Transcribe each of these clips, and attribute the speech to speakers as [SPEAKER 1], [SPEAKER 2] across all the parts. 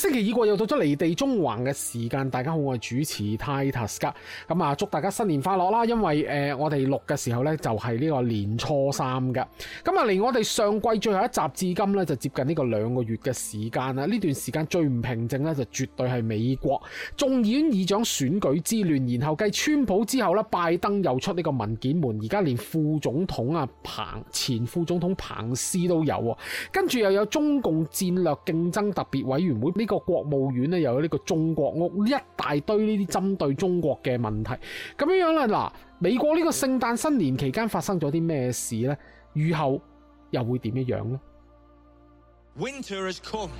[SPEAKER 1] 星期二過，又到咗離地中環嘅時間，大家好，我係主持 Titus 噶，咁啊，祝大家新年快樂啦！因為誒、呃，我哋錄嘅時候咧就係呢個年初三嘅，咁啊，離我哋上季最後一集至今咧就接近呢個兩個月嘅時間啦。呢段時間最唔平靜咧就絕對係美國眾議院議長選舉之亂，然後繼川普之後咧，拜登又出呢個文件門，而家連副總統啊彭前副總統彭斯都有喎，跟住又有中共戰略競爭特別委員會個國務院咧又有呢個中國屋，一大堆呢啲針對中國嘅問題，咁樣樣啦。嗱，美國呢個聖誕新年期間發生咗啲咩事呢？雨後又會點樣樣呢
[SPEAKER 2] Winter has come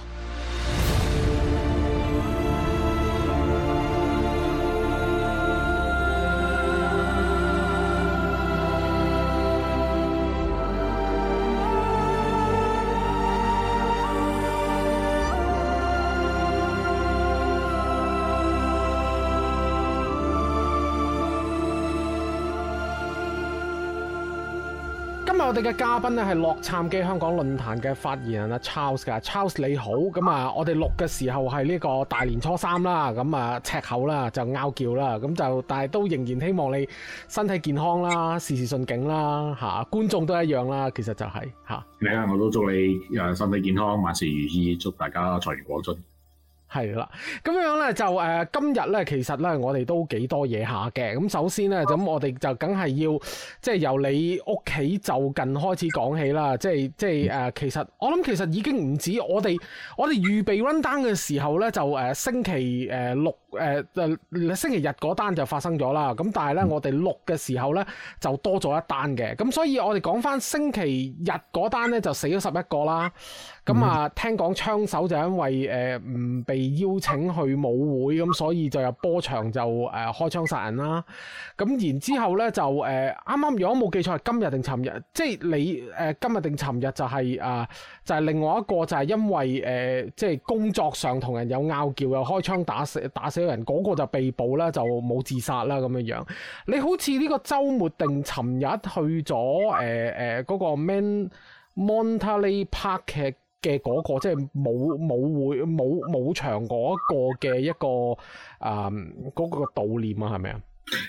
[SPEAKER 1] 我哋嘅嘉賓咧係洛杉磯香港論壇嘅發言人 Charles 㗎。Charles 你好，咁啊，我哋錄嘅時候係呢個大年初三啦，咁啊，赤口啦，就拗撬啦，咁就，但係都仍然希望你身體健康啦，事事順境啦，吓，觀眾都一樣啦，其實就係吓，
[SPEAKER 2] 你啊，我都祝你身體健康，萬事如意，祝大家財源廣進。
[SPEAKER 1] 係啦，咁樣咧就誒、呃，今日咧其實咧我哋都幾多嘢下嘅。咁首先咧，咁我哋就梗係要即係、就是、由你屋企就近開始講起啦。即係即係誒、呃，其實我諗其實已經唔止我哋我哋預備 run down 嘅時候咧，就誒、呃、星期六。誒、呃、誒星期日嗰單就發生咗啦，咁但係咧我哋錄嘅時候咧就多咗一單嘅，咁所以我哋講翻星期日嗰單咧就死咗十一個啦，咁啊聽講槍手就因為誒唔、呃、被邀請去舞會，咁所以就有波場就誒、呃、開槍殺人啦，咁然之後咧就誒啱啱如果冇記錯係今日定尋日，即、就、係、是、你誒、呃、今日定尋日就係、是、啊、呃、就係、是、另外一個就係因為誒即係工作上同人有拗撬又開槍打死打死。打死有人嗰個就被捕啦，就冇自殺啦咁樣樣。你好似呢個週末定尋日去咗誒誒嗰個 Man Monterey Park 嘅嘅嗰個，即係冇舞會冇舞場嗰個嘅一個啊嗰、呃那個悼念啊，係咪啊？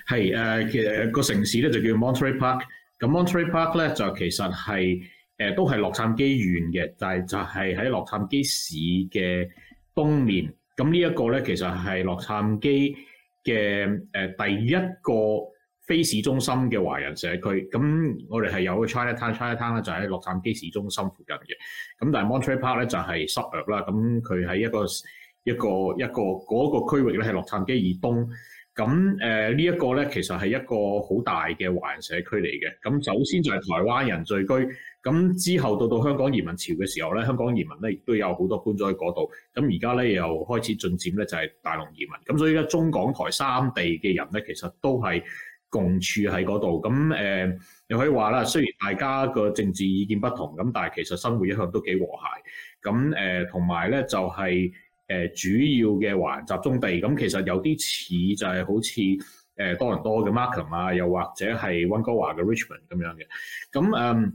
[SPEAKER 2] 係誒、呃，其實個城市咧就叫 Monterey Park。咁 Monterey Park 咧就其實係誒、呃、都係洛杉磯縣嘅，但係就係喺洛杉磯市嘅東面。咁呢一個咧，其實係洛杉磯嘅誒第一個非市中心嘅華人社區。咁我哋係有個 China Town，China Town 咧就喺洛杉磯市中心附近嘅。咁但係 Monterey Park 咧就係 Suburb 啦。咁佢喺一個一個一個嗰個區域咧係洛杉磯以東。咁誒呢一個咧其實係一個好大嘅華人社區嚟嘅。咁首先就係台灣人聚居。咁之後到到香港移民潮嘅時候咧，香港移民咧亦都有好多搬咗去嗰度。咁而家咧又開始進展咧，就係大陸移民。咁所以咧，中港台三地嘅人咧，其實都係共處喺嗰度。咁誒，你可以話啦，雖然大家個政治意見不同，咁但係其實生活一向都幾和諧。咁誒，同埋咧就係誒主要嘅華人集中地。咁其實有啲似就係好似誒多倫多嘅 Markham 啊，又或者係溫哥華嘅 Richmond 咁樣嘅。咁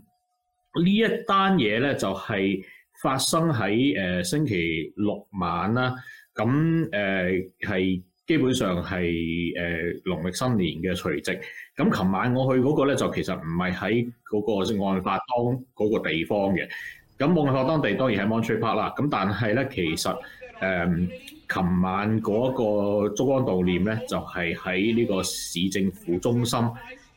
[SPEAKER 2] 這一呢一單嘢咧就係、是、發生喺誒、呃、星期六晚啦，咁誒係基本上係誒農曆新年嘅除夕。咁、嗯、琴晚我去嗰個咧就其實唔係喺嗰個案發當嗰個地方嘅。咁案發當地當然係 Monterey Park 啦。咁、嗯、但係咧其實誒，琴、嗯、晚嗰個燭光悼念咧就係喺呢個市政府中心。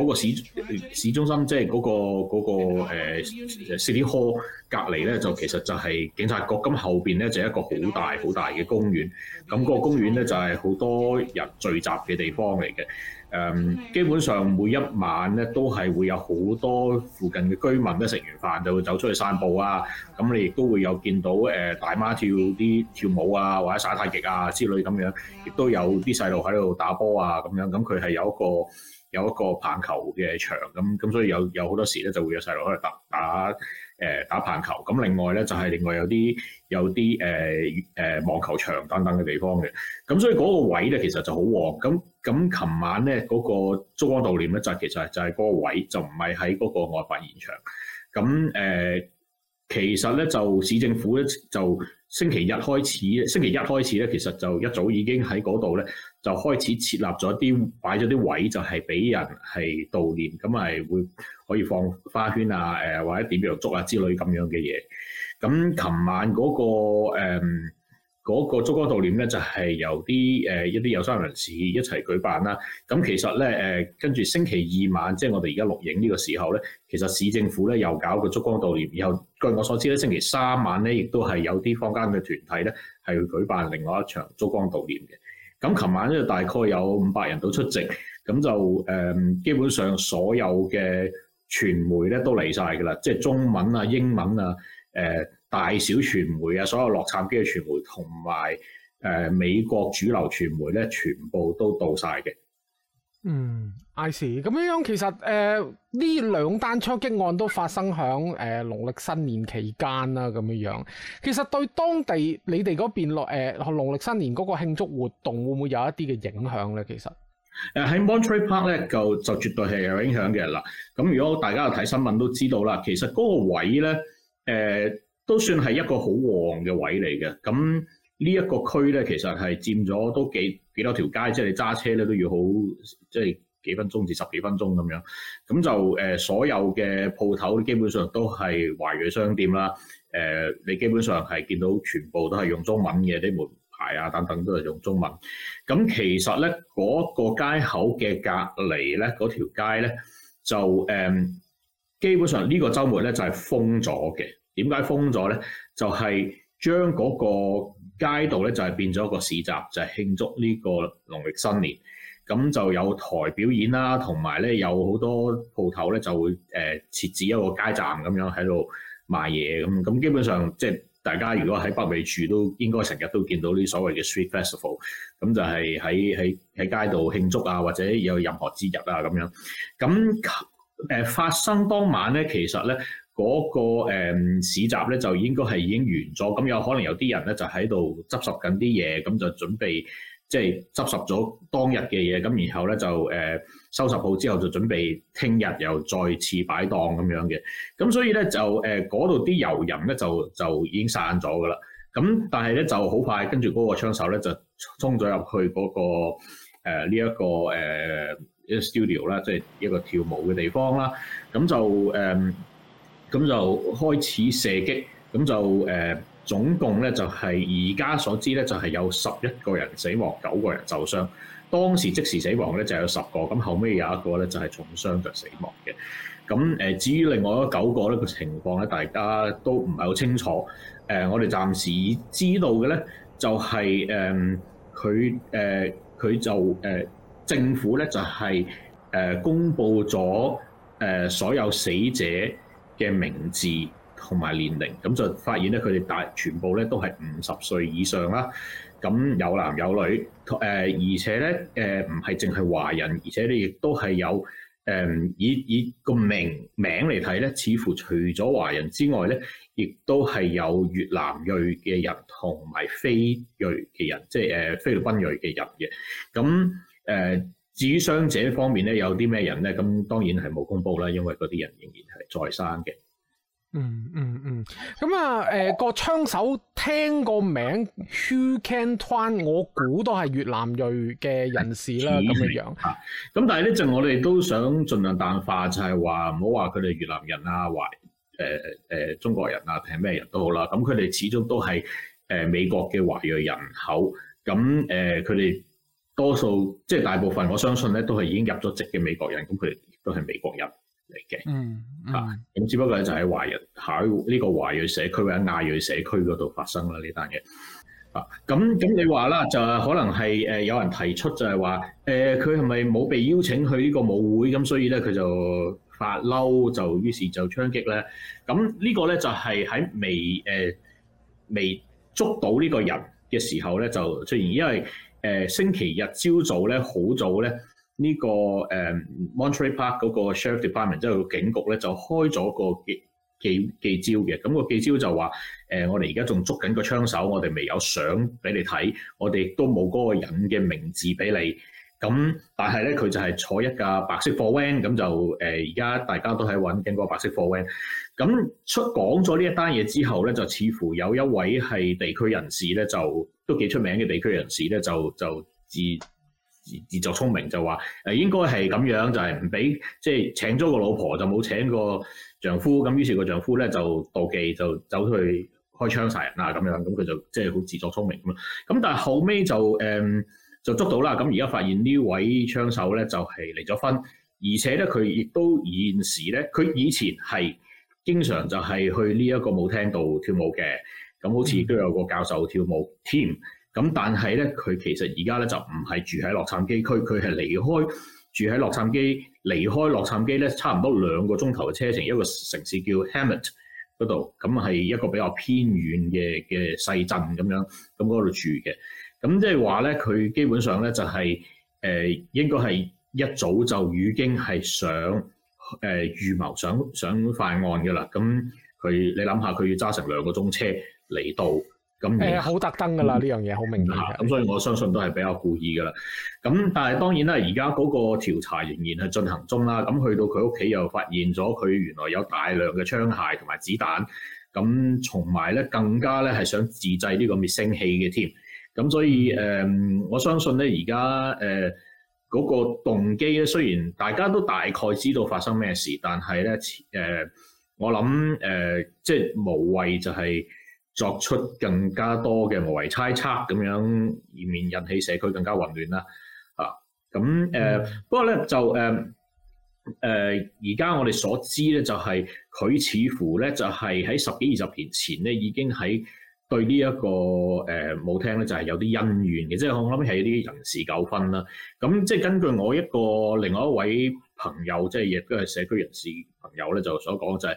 [SPEAKER 2] 嗰個市市中心，即係嗰個嗰個誒 City Hall 隔離咧，就其實就係警察局。咁後邊咧就一個好大好大嘅公園。咁個公園咧就係好多人聚集嘅地方嚟嘅。誒，基本上每一晚咧都係會有好多附近嘅居民咧食完飯就會走出去散步啊。咁你亦都會有見到誒大媽跳啲跳舞啊，或者耍太極啊之類咁樣，亦都有啲細路喺度打波啊咁樣。咁佢係有一個。有一個棒球嘅場咁，咁，所以有有好多時咧就會有細路喺度打打誒打棒球。咁另外咧就係、是、另外有啲有啲誒誒網球場等等嘅地方嘅。咁所以嗰個位咧其實就好旺。咁咁琴晚咧嗰、那個燭光悼念咧就其實就係嗰個位，就唔係喺嗰個案發現場。咁誒、呃，其實咧就市政府咧就。星期一開始，星期一開始咧，其實就一早已經喺嗰度咧，就開始設立咗啲擺咗啲位，就係俾人係悼念，咁係會可以放花圈啊，誒或者點樣燭啊之類咁樣嘅嘢。咁琴晚嗰、嗰個、嗯嗰、那個燭光悼念咧就係由啲誒一啲、呃、有心人士一齊舉辦啦。咁其實咧誒跟住星期二晚，即、就、係、是、我哋而家錄影呢個時候咧，其實市政府咧又搞個燭光悼念。然後據我所知咧，星期三晚咧亦都係有啲坊間嘅團體咧係舉辦另外一場燭光悼念嘅。咁琴晚咧大概有五百人都出席，咁就誒、呃、基本上所有嘅傳媒咧都嚟晒㗎啦，即係中文啊、英文啊、呃大小傳媒啊，所有洛杉磯嘅傳媒同埋誒美國主流傳媒咧，全部都到晒嘅。
[SPEAKER 1] 嗯 I see 咁樣樣，其實誒呢、呃、兩單槍擊案都發生喺誒、呃、農曆新年期間啦，咁樣樣。其實對當地你哋嗰邊落誒、呃、農曆新年嗰個慶祝活動會唔會有一啲嘅影響咧？其實誒喺、呃、Monterey
[SPEAKER 2] Park 咧，就就絕對係有影響嘅啦。咁如果大家有睇新聞都知道啦，其實嗰個位咧誒。呃都算係一個好旺嘅位嚟嘅。咁呢一個區咧，其實係佔咗都幾幾多條街，即係你揸車咧都要好，即係幾分鐘至十幾分鐘咁樣。咁就誒、呃，所有嘅鋪頭基本上都係華裔商店啦。誒、呃，你基本上係見到全部都係用中文嘅啲門牌啊，等等都係用中文。咁其實咧，嗰、那個街口嘅隔離咧，嗰條街咧就誒、呃，基本上這個周呢個週末咧就係、是、封咗嘅。點解封咗咧？就係將嗰個街道咧，就係變咗一個市集，就係、是、慶祝呢個農曆新年。咁就有台表演啦，同埋咧有好多鋪頭咧就會誒設置一個街站咁樣喺度賣嘢咁。咁基本上即係、就是、大家如果喺北美住，都應該成日都見到呢啲所謂嘅 street festival。咁就係喺喺喺街度慶祝啊，或者有任何節日啊咁樣。咁誒發生當晚咧，其實咧，嗰個誒市集咧就應該係已經完咗，咁有可能有啲人咧就喺度執拾緊啲嘢，咁就準備即係執拾咗當日嘅嘢，咁然後咧就誒收拾好之後就準備聽日又再次擺檔咁樣嘅，咁所以咧就誒嗰度啲遊人咧就就已經散咗噶啦，咁但係咧就好快跟住嗰個槍手咧就衝咗入去嗰個誒呢一個誒 studio 啦，即係一個跳舞嘅地方啦，咁就誒。嗯咁就開始射擊，咁就誒、呃、總共咧就係而家所知咧就係、是、有十一個人死亡，九個人受傷。當時即時死亡咧就有十個，咁後尾有一個咧就係、是、重傷就死亡嘅。咁、呃、至於另外九個咧個情況咧大家都唔係好清楚。呃、我哋暫時知道嘅咧就係佢佢就政府咧就係、是呃、公布咗、呃、所有死者。嘅名字同埋年齡，咁就發現咧，佢哋大全部咧都係五十歲以上啦。咁有男有女，誒而且咧誒唔係淨係華人，而且咧亦都係有誒以以個名名嚟睇咧，似乎除咗華人之外咧，亦都係有越南裔嘅人同埋非裔嘅人，即係誒菲律賓裔嘅人嘅。咁誒。呃至於傷者方面咧，有啲咩人咧？咁當然係冇公佈啦，因為嗰啲人仍然係在生嘅。
[SPEAKER 1] 嗯嗯嗯，咁啊誒個槍手聽個名 Huu Can Tran 我估都係越南裔嘅人士啦，咁嘅樣，樣。咁、嗯
[SPEAKER 2] 嗯、但係咧，陣我哋都想盡量淡化就，就係話唔好話佢哋越南人啊、華誒誒中國人啊，定係咩人都好啦。咁佢哋始終都係誒美國嘅華裔人口。咁誒佢哋。呃他們多數即係大部分，我相信咧都係已經入咗籍嘅美國人，咁佢哋亦都係美國人嚟嘅。嗯，吓、嗯、咁，只不過咧就喺華人喺呢個華裔社區或者亞裔社區嗰度發生啦呢單嘢。啊，咁咁你話啦，就可能係誒有人提出就係話，誒佢係咪冇被邀請去呢個舞會？咁所以咧佢就發嬲，就於是就槍擊咧。咁呢個咧就係喺未誒、呃、未捉到呢個人嘅時候咧就出現，因為。誒，星期日朝早咧，好早咧，呢個誒 Monterey Park 嗰個 sheriff department，即係警局咧，就開咗個記記記招嘅。咁個記招就話：誒，我哋而家仲捉緊個槍手，我哋未有相俾你睇，我哋亦都冇嗰個人嘅名字俾你。咁，但係咧，佢就係坐一架白色貨 van，咁就呃、而家大家都喺揾緊個白色貨 van。咁出講咗呢一單嘢之後咧，就似乎有一位係地區人士咧，就都幾出名嘅地區人士咧，就就自自,自作聰明就話誒、呃，應該係咁樣，就係唔俾即係請咗個老婆就冇請個丈夫，咁於是個丈夫咧就妒忌，就走出去開槍殺人啦咁樣，咁佢就即係好自作聰明咁咁但係後尾就、呃就捉到啦！咁而家發現呢位槍手咧，就係離咗婚，而且咧佢亦都現時咧，佢以前係經常就係去呢一個舞廳度跳舞嘅。咁好似都有個教授跳舞添、嗯。咁但係咧，佢其實而家咧就唔係住喺洛杉磯區，佢係離開住喺洛杉磯，離開洛杉磯咧，差唔多兩個鐘頭嘅車程，一個城市叫 Hemet 嗰度。咁係一個比較偏遠嘅嘅細鎮咁樣，咁嗰度住嘅。咁即係話咧，佢基本上咧就係、是、誒、呃，應該係一早就已經係想誒預、呃、謀想想犯案噶啦。咁佢你諗下，佢要揸成兩個鐘車嚟到，咁誒好特
[SPEAKER 1] 登噶啦，呢、欸、樣
[SPEAKER 2] 嘢好明顯。咁所以我相信都係比較故意噶啦。咁但係當然啦，而家嗰個調查仍然係進行中啦。咁去到佢屋企又發現咗佢原來有大量嘅槍械同埋子彈，咁同埋咧更加咧係想自製呢個滅聲器嘅添。咁所以、嗯嗯、我相信咧，而家誒個動機咧，雖然大家都大概知道發生咩事，但係咧誒，我諗誒、呃，即係無謂就係作出更加多嘅無謂猜測，咁樣以免引起社區更加混亂啦。啊，咁誒、呃嗯，不過咧就誒誒而家我哋所知咧，就係佢似乎咧就係喺十幾二十年前咧已經喺。對呢、這、一個誒、呃、舞廳咧，就係、是、有啲恩怨嘅，即、就、係、是、我諗起啲人事糾紛啦。咁即係根據我一個另外一位朋友，即係亦都係社區人士朋友咧，就所講就係、是、誒、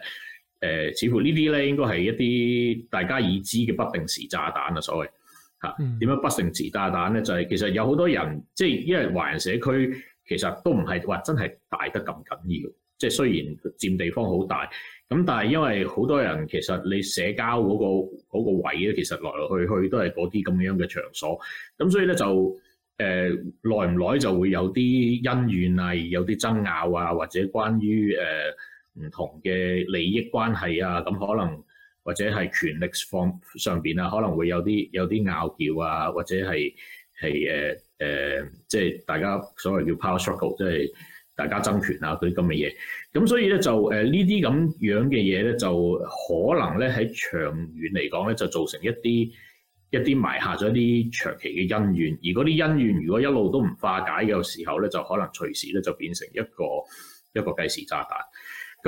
[SPEAKER 2] 呃，似乎這些呢啲咧應該係一啲大家已知嘅不定時炸彈啊，所謂嚇點、嗯、樣不定時炸彈咧，就係、是、其實有好多人即係因為華人社區其實都唔係話真係大得咁緊要，即係雖然佔地方好大。咁但係因為好多人其實你社交嗰個嗰個位咧，其實來來去去都係嗰啲咁樣嘅場所，咁所以咧就誒耐唔耐就會有啲恩怨啊，有啲爭拗啊，或者關於誒唔同嘅利益關係啊，咁可能或者係權力方上邊啊，可能會有啲有啲拗撬啊，或者係係誒誒，即係、呃呃即係、大家所謂叫 power struggle，即係。大家爭權啊！嗰啲咁嘅嘢，咁所以咧就呢啲咁樣嘅嘢咧，就可能咧喺長遠嚟講咧，就造成一啲一啲埋下咗一啲長期嘅恩怨。而嗰啲恩怨，如果一路都唔化解嘅時候咧，就可能隨時咧就變成一個一個計時炸彈。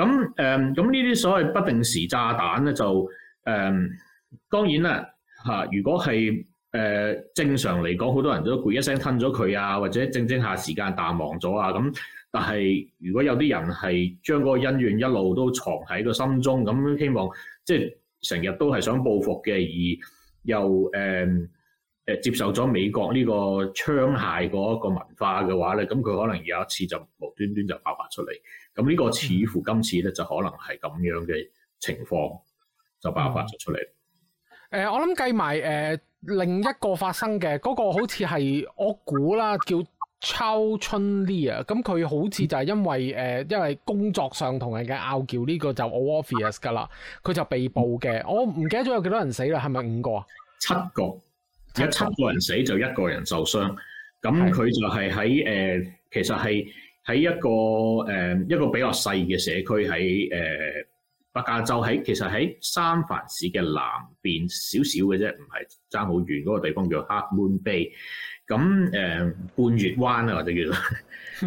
[SPEAKER 2] 咁咁呢啲所謂不定時炸彈咧，就、嗯、誒當然啦如果係誒、嗯、正常嚟講，好多人都攰一聲吞咗佢啊，或者靜靜下時間淡忘咗啊咁。但係，如果有啲人係將嗰個恩怨一路都藏喺個心中，咁希望即係成日都係想報復嘅，而又誒誒、嗯、接受咗美國呢個槍械嗰一個文化嘅話咧，咁佢可能有一次就無端端就爆發出嚟。咁呢個似乎今次咧就可能係咁樣嘅情況就爆發咗出嚟。
[SPEAKER 1] 誒、嗯呃，我諗計埋誒另一個發生嘅嗰、那個好像是，好似係我估啦，叫。抄春呢啊？咁佢好似就係因為誒、嗯呃，因為工作上同人嘅拗撬呢個就 all obvious 噶啦。佢就被捕嘅、嗯。我唔記得咗有幾多人死啦？係咪五個啊？七個，有
[SPEAKER 2] 七個人死就一個人受傷。咁佢就係喺誒，其實係喺一個誒、呃、一個比較細嘅社區喺誒北加州喺，其實喺三藩市嘅南邊少少嘅啫，唔係差好遠，嗰個地方叫 Half Moon Bay。咁、嗯、半月灣月啊，或者叫做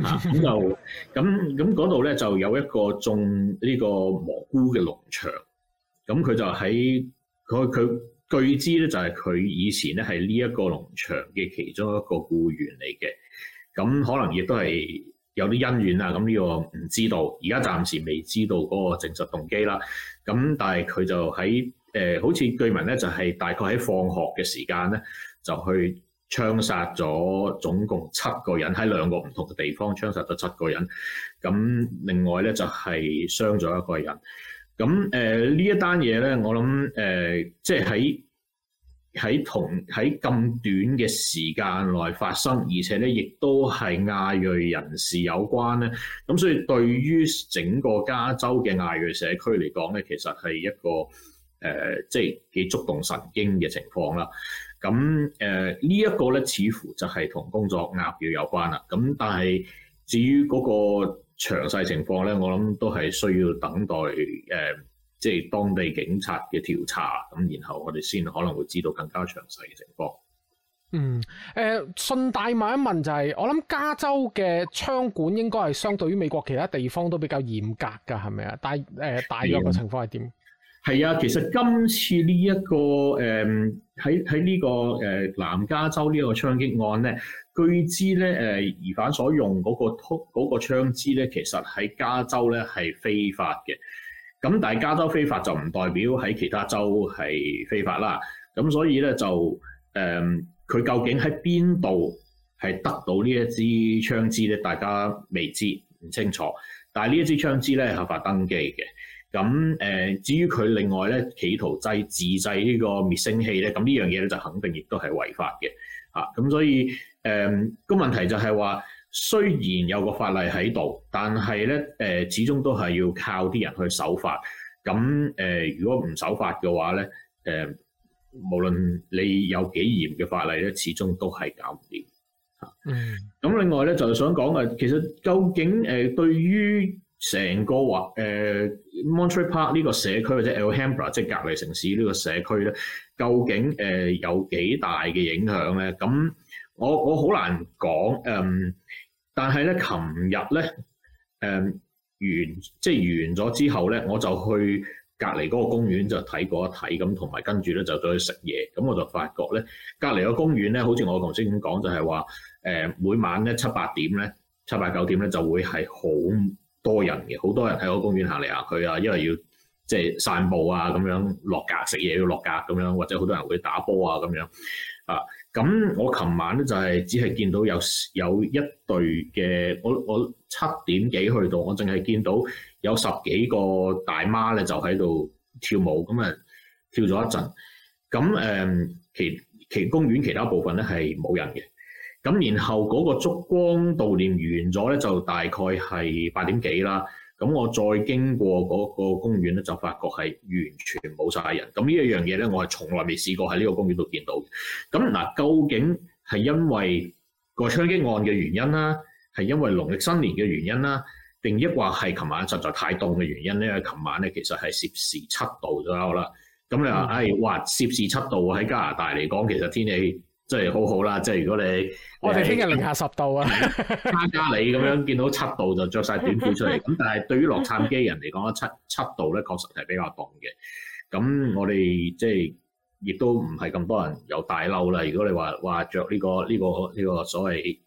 [SPEAKER 2] 啊，咁就咁咁嗰度咧，那那就有一個種呢個蘑菇嘅農場。咁佢就喺佢佢據知咧，就係佢以前咧係呢一個農場嘅其中一個僱員嚟嘅。咁可能亦都係有啲恩怨啦。咁呢個唔知道，而家暫時未知道嗰個證實動機啦。咁但係佢就喺誒，好似據聞咧，就係大概喺放學嘅時間咧，就去。槍殺咗總共七個人，喺兩個唔同嘅地方槍殺咗七個人，咁另外咧就係傷咗一個人。咁誒呢一單嘢咧，我諗誒即係喺喺同喺咁短嘅時間內發生，而且咧亦都係亞裔人士有關咧。咁所以對於整個加州嘅亞裔社區嚟講咧，其實係一個誒即係幾觸動神經嘅情況啦。咁誒、呃這個、呢一個咧，似乎就係同工作壓票有關啦。咁但係至於嗰個詳細情況咧，我諗都係需要等待誒、呃，即係當地警察嘅調查，咁然後我哋先可能會知道更加詳細嘅情況。
[SPEAKER 1] 嗯，誒、呃、順帶問一問就係、是，我諗加州嘅槍管應該係相對於美國其他地方都比較嚴格㗎，係咪啊？但係誒大約個、呃、情況係點？嗯
[SPEAKER 2] 係啊，其實今次呢、這、一個誒喺喺呢個誒南加州呢個槍擊案咧，據知咧誒疑犯所用嗰個嗰個槍支咧，其實喺加州咧係非法嘅。咁但係加州非法就唔代表喺其他州係非法啦。咁所以咧就誒佢、嗯、究竟喺邊度係得到一枝枝呢一支槍支咧？大家未知唔清楚。但係呢一支槍支咧係合法登記嘅。咁誒，至於佢另外咧，企圖製自製呢個滅聲器咧，咁呢樣嘢咧就肯定亦都係違法嘅，嚇。咁所以誒個、嗯、問題就係話，雖然有個法例喺度，但係咧誒，始終都係要靠啲人去守法。咁誒、呃，如果唔守法嘅話咧，誒、呃，無論你有幾嚴嘅法例咧，始終都係搞唔掂嚇。嗯。咁另外咧就係、想講嘅，其實究竟誒、呃、對於，成個話誒 Monterey Park 呢個社區或者 Alhambra 即係隔離城市呢個社區咧，究竟誒、呃、有幾大嘅影響咧？咁我我好難講誒、嗯，但係咧，琴日咧誒完即係完咗之後咧，我就去隔離嗰個公園就睇過一睇咁，同埋跟住咧就再去食嘢。咁我就發覺咧，隔離個公園咧，好似我頭先咁講，就係話誒每晚咧七八點咧、七八九點咧就會係好多人嘅，好多人喺個公園行嚟行去啊，因為要即係散步啊，咁樣落格食嘢要落格咁樣，或者好多人會打波啊咁樣啊。咁我琴晚咧就係只係見到有有一隊嘅，我我七點幾去到，我淨係見到有十幾個大媽咧就喺度跳舞，咁啊跳咗一陣。咁誒其其公園其他部分咧係冇人嘅。咁然後嗰個燭光悼念完咗咧，就大概係八點幾啦。咁我再經過嗰個公園咧，就發覺係完全冇晒人。咁呢一樣嘢咧，我係從來未試過喺呢個公園度見到嘅。咁嗱，究竟係因為個槍擊案嘅原因啦，係因為農曆新年嘅原因啦，定抑或係琴晚實在太凍嘅原因咧？琴晚咧其實係攝氏七度左右啦。咁你話，唉，哇！攝氏七度喺加拿大嚟講，其實天氣～即係好好啦，即係如果你、哦、我哋聽日零下
[SPEAKER 1] 十度啊，
[SPEAKER 2] 加加你咁樣見到七度就着晒短褲出嚟。咁 但係對於洛杉磯人嚟講咧，七七度咧確實係比較凍嘅。咁我哋即係亦都唔係咁多人有大褸啦。如果你話話着呢個呢個呢個所謂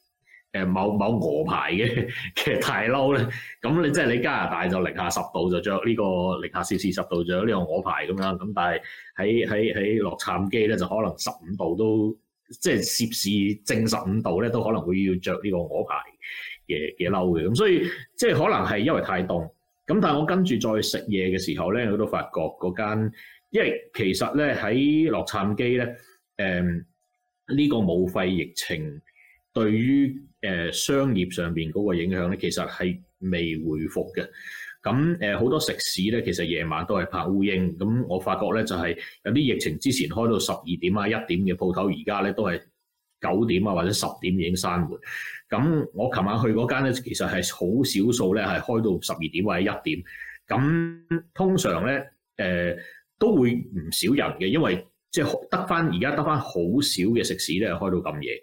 [SPEAKER 2] 誒某某鵝牌嘅嘅大褸咧，咁你即係你加拿大就零下十度就着呢個零下攝氏十度就呢個鵝牌咁樣。咁但係喺喺喺洛杉磯咧就可能十五度都～即係涉氏正十五度咧，都可能會要着呢個鵝牌嘅嘢褸嘅，咁所以即係可能係因為太凍，咁但係我跟住再食嘢嘅時候咧，我都發覺嗰間，因為其實咧喺洛杉磯咧，誒、嗯、呢、這個冇肺疫情對於誒商業上邊嗰個影響咧，其實係未回復嘅。咁誒好多食肆咧，其實夜晚都係拍烏蠅。咁我發覺咧，就係、是、有啲疫情之前開到十二點啊、一點嘅鋪頭，而家咧都係九點啊或者十點已經閂門。咁我琴晚去嗰間咧，其實係好少數咧，係開到十二點或者一點。咁通常咧誒、呃、都會唔少人嘅，因為即係得返而家得返好少嘅食肆咧，係開到咁夜。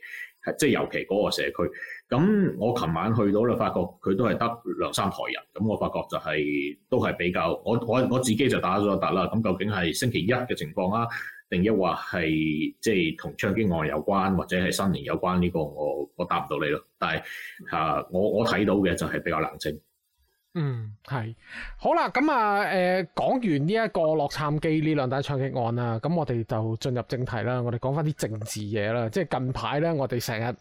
[SPEAKER 2] 即尤其嗰個社區。咁我琴晚去到咧，發覺佢都係得兩三台人。咁我發覺就係、是、都係比較，我我我自己就打咗一打啦。咁究竟係星期一嘅情況啊，定抑或係即係同槍擊案有關，或者係新年有關呢、這個？我我答唔到你咯。但係我我睇到嘅就係比較冷靜。
[SPEAKER 1] 嗯，係，好啦，咁、嗯、啊，誒，講完呢一個洛杉磯呢兩大槍擊案啦，咁我哋就進入正題啦，我哋講翻啲政治嘢啦，即係近排呢，我哋成日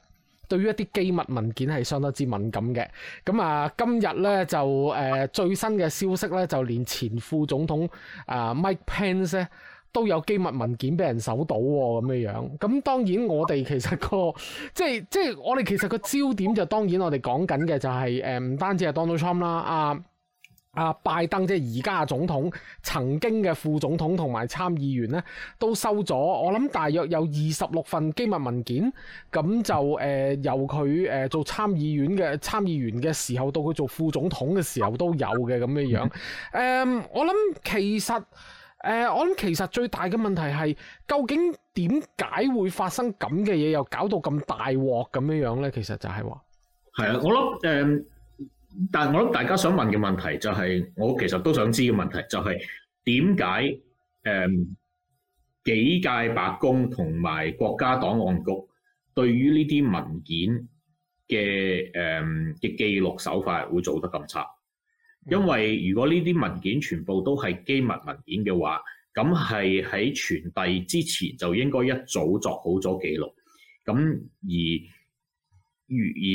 [SPEAKER 1] 對於一啲機密文件係相當之敏感嘅，咁、嗯、啊，今日呢，就誒、呃、最新嘅消息呢，就連前副總統啊、呃、Mike Pence 都有機密文件俾人搜到喎、哦，咁樣樣。咁當然我哋其實，個，即係即係我哋其實個焦點就當然我哋講緊嘅就係、是、唔、嗯，單止係 Donald Trump 啦，啊，阿、啊，拜登即係而家總統，曾經嘅副總統同埋參議員呢都收咗。我諗大約有二十六份機密文件，咁就，呃，由佢，呃、做參議院嘅參議員嘅時候到佢做副總統嘅時候都有嘅咁樣樣，嗯。我諗其實。誒、呃，我諗其實最大嘅問題係，究竟點解會發生咁嘅嘢，又搞到咁大鑊咁樣樣咧？其實就係、是、話，
[SPEAKER 2] 係啊，我諗誒、呃，但我諗大家想問嘅問題就係、是，我其實都想知嘅問題就係點解誒幾屆白宮同埋國家檔案局對於呢啲文件嘅誒嘅記錄手法會做得咁差？因為如果呢啲文件全部都係機密文件嘅話，咁係喺傳遞之前就應該一早作好咗記錄。咁而而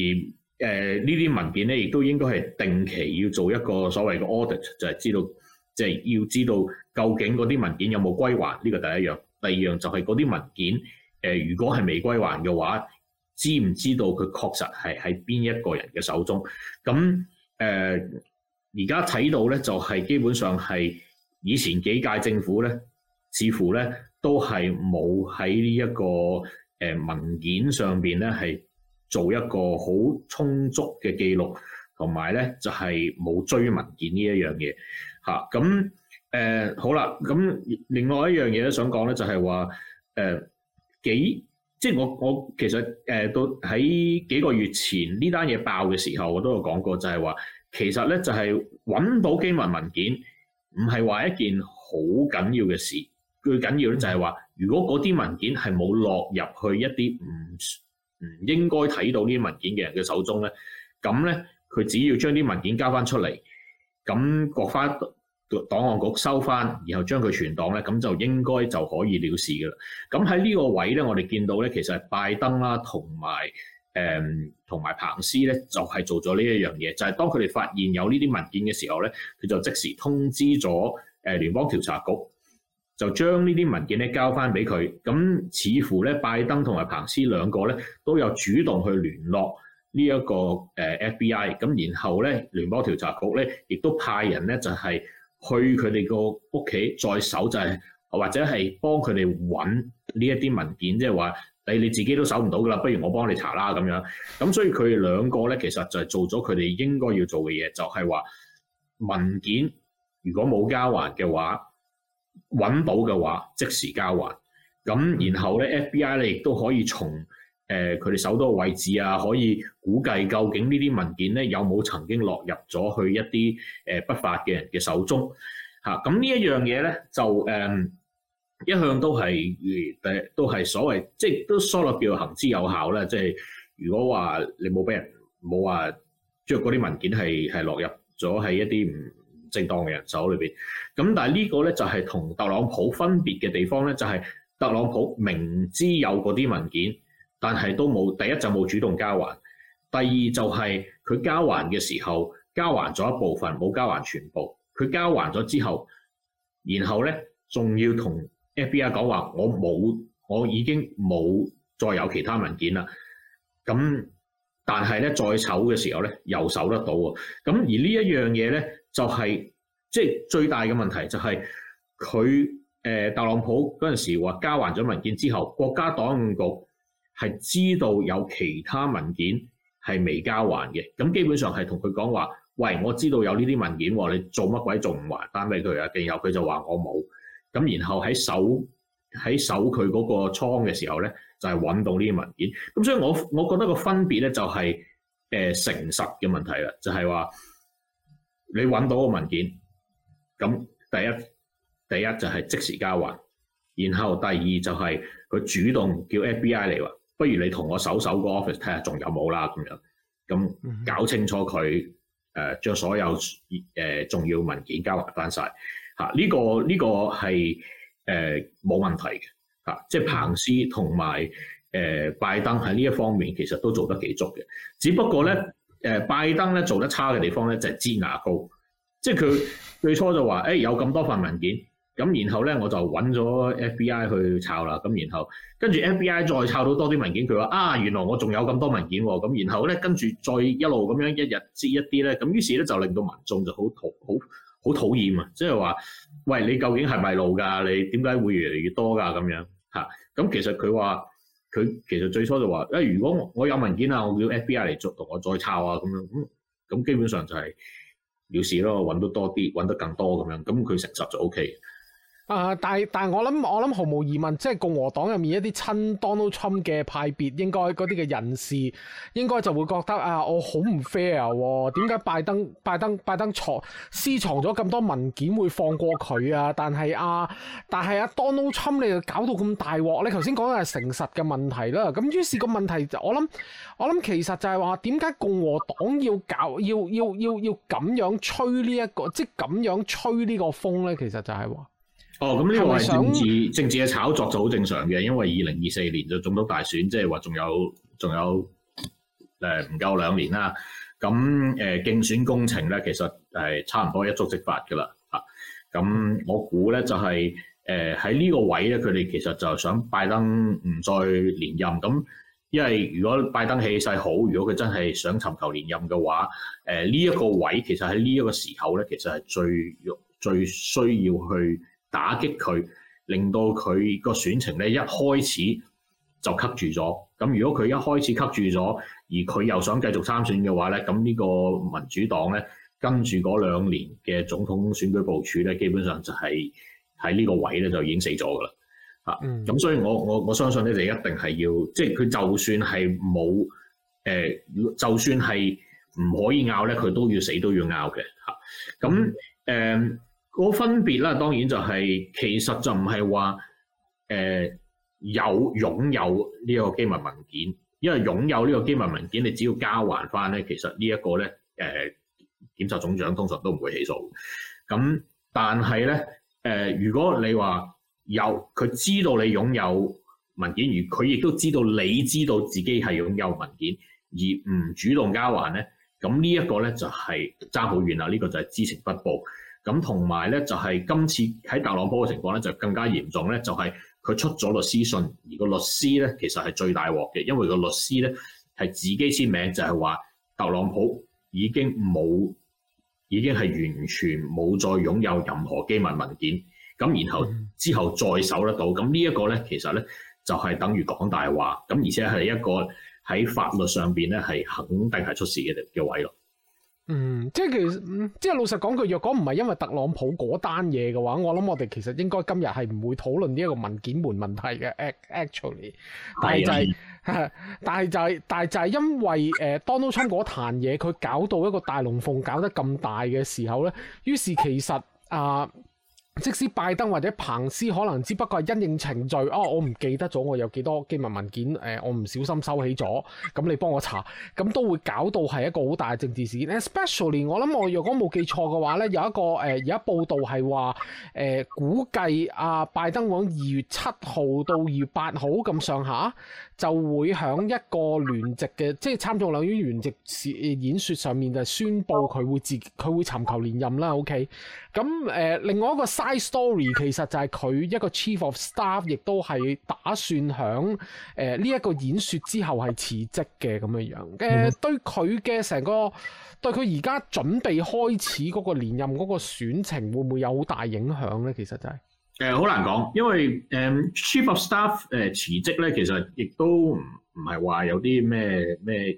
[SPEAKER 2] 誒呢啲文件咧，亦都應該係定期要做一個所謂嘅 audit，就係知道，即係要知道究竟嗰啲文件有冇歸還？呢個第一樣，第二樣就係嗰啲文件誒，如果係未歸還嘅話，知唔知道佢確實係喺邊一個人嘅手中？咁誒。呃而家睇到咧，就係基本上係以前幾屆政府咧，似乎咧都係冇喺呢一個誒文件上邊咧，係做一個好充足嘅記錄，同埋咧就係冇追文件呢一樣嘢嚇。咁誒好啦，咁另外一樣嘢咧，想講咧就係話誒幾，即係我我其實誒、嗯、到喺幾個月前呢單嘢爆嘅時候，我都有講過就，就係話。其實咧就係揾到機密文件唔係話一件好緊要嘅事，最緊要咧就係話，如果嗰啲文件係冇落入去一啲唔唔應該睇到呢啲文件嘅人嘅手中咧，咁咧佢只要將啲文件交翻出嚟，咁國家檔案局收翻，然後將佢存檔咧，咁就應該就可以了事噶啦。咁喺呢個位咧，我哋見到咧，其實係拜登啦，同埋。誒同埋彭斯咧，就係做咗呢一樣嘢，就係當佢哋發現有呢啲文件嘅時候咧，佢就即時通知咗誒聯邦調查局，就將呢啲文件咧交翻俾佢。咁似乎咧，拜登同埋彭斯兩個咧都有主動去聯絡呢一個誒 FBI。咁然後咧，聯邦調查局咧亦都派人咧就係去佢哋個屋企再搜，就係或者係幫佢哋揾呢一啲文件，即係話。你你自己都搜唔到噶啦，不如我幫你查啦咁樣。咁所以佢哋兩個咧，其實就係做咗佢哋應該要做嘅嘢，就係話文件如果冇交還嘅話，揾到嘅話即時交還。咁然後咧，FBI 咧亦都可以從誒佢哋搜到嘅位置啊，可以估計究竟呢啲文件咧有冇曾經落入咗去一啲誒不法嘅人嘅手中。嚇，咁呢一樣嘢咧就誒。嗯一向都係，誒，都係所謂，即係都所謂叫行之有效咧。即係如果話你冇俾人冇話著嗰啲文件係係落入咗喺一啲唔正當嘅人手裏邊。咁但係呢個咧就係同特朗普分別嘅地方咧，就係、是、特朗普明知有嗰啲文件，但係都冇第一就冇主動交還，第二就係佢交還嘅時候交還咗一部分，冇交還全部。佢交還咗之後，然後咧仲要同。FBI 講話我冇，我已經冇再有其他文件啦。咁但係咧，再搜嘅時候咧，又搜得到喎。咁而這呢一樣嘢咧，就係、是、即係最大嘅問題就係佢誒特朗普嗰陣時話交還咗文件之後，國家檔案局係知道有其他文件係未交還嘅。咁基本上係同佢講話，喂，我知道有呢啲文件喎，你做乜鬼仲唔還翻俾佢啊？然後佢就話我冇。咁然後喺搜喺搜佢嗰個倉嘅時候咧，就係揾到呢啲文件。咁所以我我覺得個分別咧就係誒誠實嘅問題啦，就係話你揾到個文件，咁第一第一就係即時交還，然後第二就係佢主動叫 FBI 嚟話，不如你同我搜搜個 office 睇下仲有冇啦咁樣，咁搞清楚佢誒將所有誒重要文件交還翻晒。嚇、這個！呢、這個呢個係誒冇問題嘅嚇、啊，即係彭斯同埋誒拜登喺呢一方面其實都做得幾足嘅。只不過咧誒、呃、拜登咧做得差嘅地方咧就係擠牙膏，即係佢最初就話誒、哎、有咁多份文件，咁然後咧我就揾咗 FBI 去抄啦，咁然後跟住 FBI 再抄到多啲文件，佢話啊原來我仲有咁多文件喎，咁然後咧跟住再一路咁樣一日擠一啲咧，咁於是咧就令到民眾就好好。很好討厭啊！即係話，喂，你究竟係咪路㗎？你點解會越嚟越多㗎？咁樣嚇咁、嗯、其實佢話佢其實最初就話誒，如果我有文件啊，我叫 FBI 嚟做同我再抄啊咁樣咁，基本上就係了事咯，揾得多啲，揾得更多咁樣咁佢誠實就 O、OK、K。
[SPEAKER 1] 啊、呃！但係但係，我諗我諗，毫無疑問，即係共和黨入面一啲親 Donald Trump 嘅派別，應該嗰啲嘅人士，應該就會覺得啊，我好唔 fair，點、哦、解拜登拜登拜登藏私藏咗咁多文件會放過佢啊？但係啊，但係啊，Donald Trump 你搞到咁大鑊，你頭先講嘅係誠實嘅問題啦。咁於是個問題就我諗我諗，其實就係話點解共和黨要搞要要要要咁樣吹呢、這、一個，即係咁樣吹呢個風咧？其實就係、是、話。哦，
[SPEAKER 2] 咁呢個係政治是是政治嘅炒作就好正常嘅，因為二零二四年就總統大選，即係話仲有仲有誒唔夠兩年啦。咁誒競選工程咧，其實係差唔多一觸即發噶啦嚇。咁我估咧就係誒喺呢個位咧，佢哋其實就想拜登唔再連任。咁因為如果拜登氣勢好，如果佢真係想尋求連任嘅話，誒呢一個位其實喺呢一個時候咧，其實係最最需要去打擊佢，令到佢個選情咧一開始就吸住咗。咁如果佢一開始吸住咗，而佢又想繼續參選嘅話咧，咁呢個民主黨咧跟住嗰兩年嘅總統選舉部署咧，基本上就係喺呢個位咧就已經死咗㗎啦。嚇、嗯！咁所以我我我相信咧就一定係要，即係佢就算係冇、呃、就算係唔可以拗咧，佢都要死都要拗嘅嚇。咁個分別啦，當然就係、是、其實就唔係話誒有擁有呢個機密文件，因為擁有呢個機密文件，你只要交還返咧，其實這個呢一個咧誒檢察總長通常都唔會起訴。咁但係咧誒，如果你話有佢知道你擁有文件，而佢亦都知道你知道自己係擁有文件而唔主動交還咧，咁呢一個咧就係差好遠啦。呢、這個就係知情不報。咁同埋咧，就係今次喺特朗普嘅情況咧，就更加嚴重咧，就係佢出咗律師信，而個律師咧其實係最大鑊嘅，因為個律師咧係自己簽名，就係話特朗普已經冇，已經係完全冇再擁有任何機密文件。咁然後之後再搜得到，咁呢一個咧其實咧就係等於講大話，咁而且係一個喺法律上面咧係肯定係出事嘅嘅位咯。
[SPEAKER 1] 嗯，即係其實，即係老實講句，若果唔係因為特朗普嗰單嘢嘅話，我諗我哋其實應該今日係唔會討論呢一個文件門問題嘅。Actually，但係就係，但係就係、是，但係就係、是、因為誒 Donald Trump 嗰壇嘢，佢、呃、搞到一個大龍鳳搞得咁大嘅時候咧，於是其實啊。呃即使拜登或者彭斯可能只不過係因應程序，哦，我唔記得咗我有幾多機密文件，呃、我唔小心收起咗，咁你幫我查，咁都會搞到係一個好大政治事件。Especially，我諗我若果冇記錯嘅話呢，有一個誒，而家報道係話、呃、估計、啊、拜登往二月七號到二月八號咁上下。就會喺一個聯席嘅，即係參眾兩院聯席演説上面就宣佈佢會自佢會尋求連任啦。OK，咁、呃、另外一個 side story 其實就係佢一個 Chief of Staff 亦都係打算響呢一個演説之後係辭職嘅咁樣樣嘅、mm-hmm. 呃，對佢嘅成個對佢而家準備開始嗰個連任嗰個選情會唔會有好大影響呢？其實就係、是。誒、
[SPEAKER 2] 嗯，好難講，因為誒、嗯、，Chief of Staff 誒辭職咧，其實亦都唔唔係話有啲咩咩，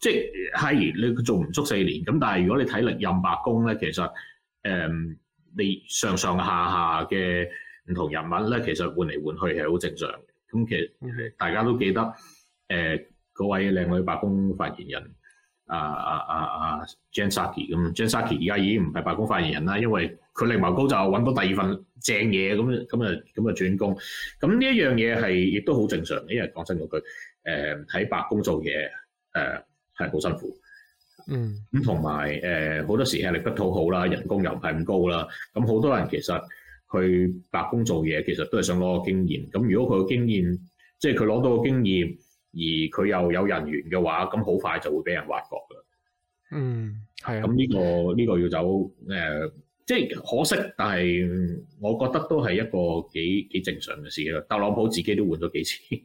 [SPEAKER 2] 即係，你做唔足四年，咁但係如果你睇歷任白宮咧，其實誒、嗯，你上上下下嘅唔同人物咧，其實換嚟換去係好正常嘅，咁其實大家都記得誒，嗰、呃、位靚女白宮發言人。啊、uh, 啊、uh, 啊、uh, 啊、uh, Jen Psaki 咁，Jen Psaki 而家已經唔係白宮發言人啦，因為佢另謀高就揾到第二份正嘢，咁咁啊咁啊轉工，咁呢一樣嘢係亦都好正常，因為講真嗰句，誒、呃、喺白宮做嘢，誒係好辛苦，嗯，咁同埋誒好多時力不討好啦，人工又唔係咁高啦，咁好多人其實去白宮做嘢，其實都係想攞個經驗，咁如果佢個經驗，即係佢攞到個經驗。而佢又有人緣嘅話，咁好快就會俾人挖角嘅。嗯，係啊。咁呢、呢個呢、呢個要走誒、呃，即係可惜，但係我覺得都係一個幾幾正常嘅事啦。特朗普自己都換咗幾次。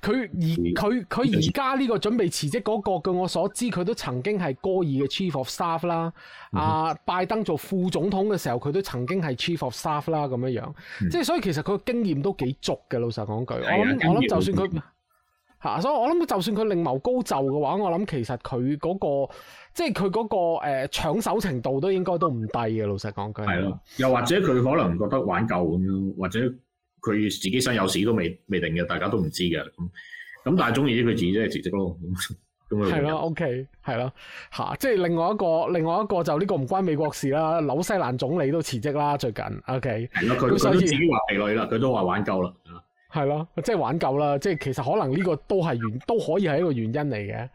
[SPEAKER 1] 佢而佢佢而家呢個準備辭職嗰、嗰個，據我所知，佢都曾經係戈爾嘅 chief of staff 啦、嗯。啊，拜登做副總統嘅時候，佢都曾經係 chief of staff 啦，咁樣樣。即係所以其實佢經驗都幾足嘅。老實講句，我諗我諗就算佢。吓，所以我諗，就算佢另謀高就嘅話，我諗其實佢嗰、那個，即係佢個誒搶手程度都應該都唔低嘅。老實講句，係咯，
[SPEAKER 2] 又或者佢可能覺得玩夠咁樣，或者佢自己身有事都未未定嘅，大家都唔知嘅。咁咁但係總而佢自己咧辭職咯。咁係咯
[SPEAKER 1] ，OK，係咯，吓、啊，即係另外一個，另外一個就呢、這個唔關美國事啦。紐西蘭總理都辭職啦，最近。OK，係咯，佢都自己話
[SPEAKER 2] 疲累啦，佢都話玩夠啦。
[SPEAKER 1] 係咯，即係玩夠啦，即係其實可能呢個都係原都可以係一個原因嚟嘅。嗯。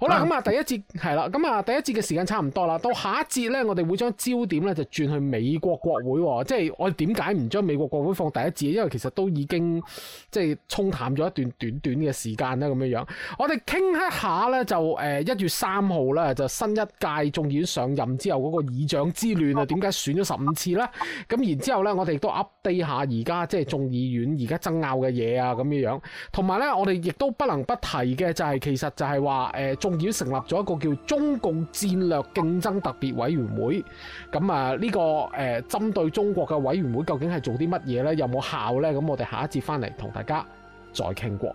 [SPEAKER 1] 好啦，咁啊第一節係啦，咁啊第一節嘅時間差唔多啦，到下一節呢，我哋會將焦點呢就轉去美國國會，哦，即係我哋點解唔將美國國會放第一節？因為其實都已經即係沖淡咗一段短短嘅時間啦，咁樣樣。我哋傾一下呢，就誒一月三號呢，就新一屆眾議院上任之後嗰個議長之亂啊，點解選咗十五次呢？咁然之後呢我哋都 update 下而家即係眾議院而家爭拗嘅嘢啊，咁嘅樣，同埋呢，我哋亦都不能不提嘅就係，其實就係話，誒，仲要成立咗一個叫中共戰略競爭特別委員會，咁啊，呢個誒，針對中國嘅委員會究竟係做啲乜嘢呢？有冇效呢？咁我哋下一節翻嚟同大家再傾過。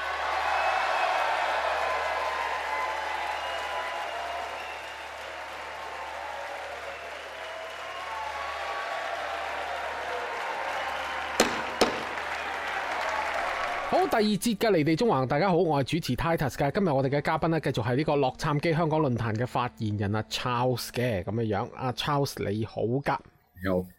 [SPEAKER 1] 第二節嘅離地縱橫，大家好，我係主持 Titus 嘅。今日我哋嘅嘉賓咧，繼續係呢個洛杉磯香港論壇嘅發言人阿 Charles 嘅咁嘅樣，樣。阿 Charles 你好㗎。你。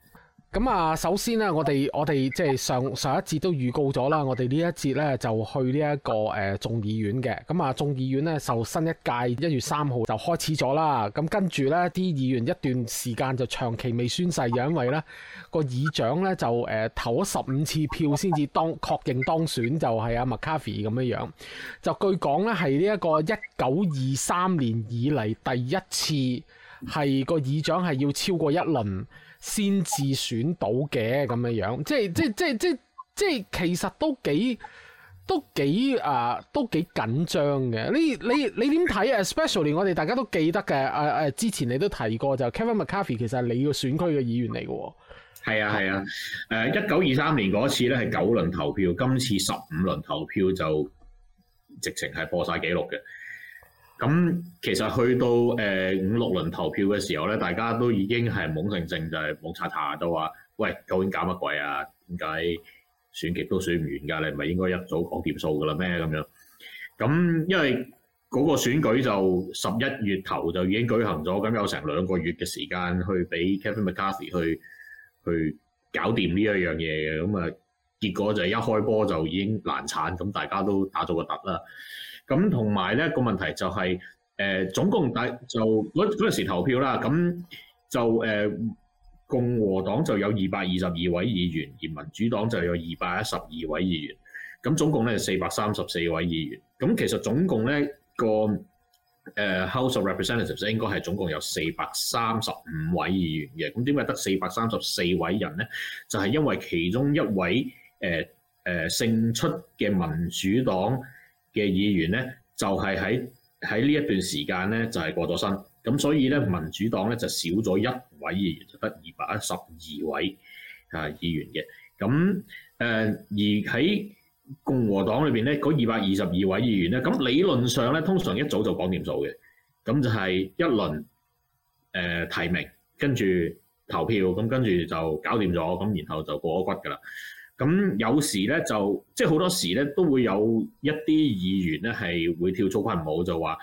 [SPEAKER 1] 咁啊，首先咧，我哋我哋即係上上一節都預告咗啦，我哋呢一節咧就去呢、這、一個誒眾、呃、議院嘅。咁啊，眾議院咧，就新一屆一月三號就開始咗啦。咁跟住咧，啲議員一段時間就長期未宣誓，因為咧個議長咧就誒、呃、投咗十五次票先至當確認當選，就係、是、阿、啊、McCarthy 咁樣樣。就據講咧，係呢一個一九二三年以嚟第一次係個議長係要超過一輪。先至選到嘅咁樣樣，即係即即即即其實都幾都幾啊，都幾緊張嘅。你你你點睇啊？Especially 我哋大家都記得嘅，誒、啊、誒、啊、之前你都提過就 Kevin McCarthy 其實係你個選區嘅議員嚟嘅，
[SPEAKER 2] 係啊，係啊誒一九二三年嗰次咧係九輪投票，今次十五輪投票就直情係破晒記錄嘅。咁其實去到誒五六輪投票嘅時候咧，大家都已經係懵盛盛，就係懵查查都話：喂，究竟搞乜鬼啊？點解選極都選唔完㗎？你唔係應該一早講掂數㗎啦咩？咁樣。咁因為嗰個選舉就十一月頭就已經舉行咗，咁有成兩個月嘅時間去俾 Kevin McCarthy 去去搞掂呢一樣嘢嘅。咁啊，結果就係一開波就已經難產，咁大家都打咗個突啦。咁同埋咧個問題就係、是、誒、呃、總共大就嗰嗰陣時投票啦。咁就誒、呃、共和黨就有二百二十二位議員，而民主黨就有二百一十二位議員。咁總共咧四百三十四位議員。咁其實總共咧個誒 House of Representatives 應該係總共有四百三十五位議員嘅。咁點解得四百三十四位人咧？就係、是、因為其中一位誒誒、呃呃、勝出嘅民主黨。嘅議員咧就係喺喺呢一段時間咧就係、是、過咗身，咁所以咧民主黨咧就少咗一位議員，就得二百一十二位啊議員嘅。咁誒、呃、而喺共和黨裏邊咧嗰二百二十二位議員咧，咁理論上咧通常一早就講掂數嘅，咁就係一輪誒、呃、提名，跟住投票，咁跟住就搞掂咗，咁然後就過咗骨㗎啦。咁有時咧就即係好多時咧都會有一啲議員咧係會跳草裙舞，就、呃、話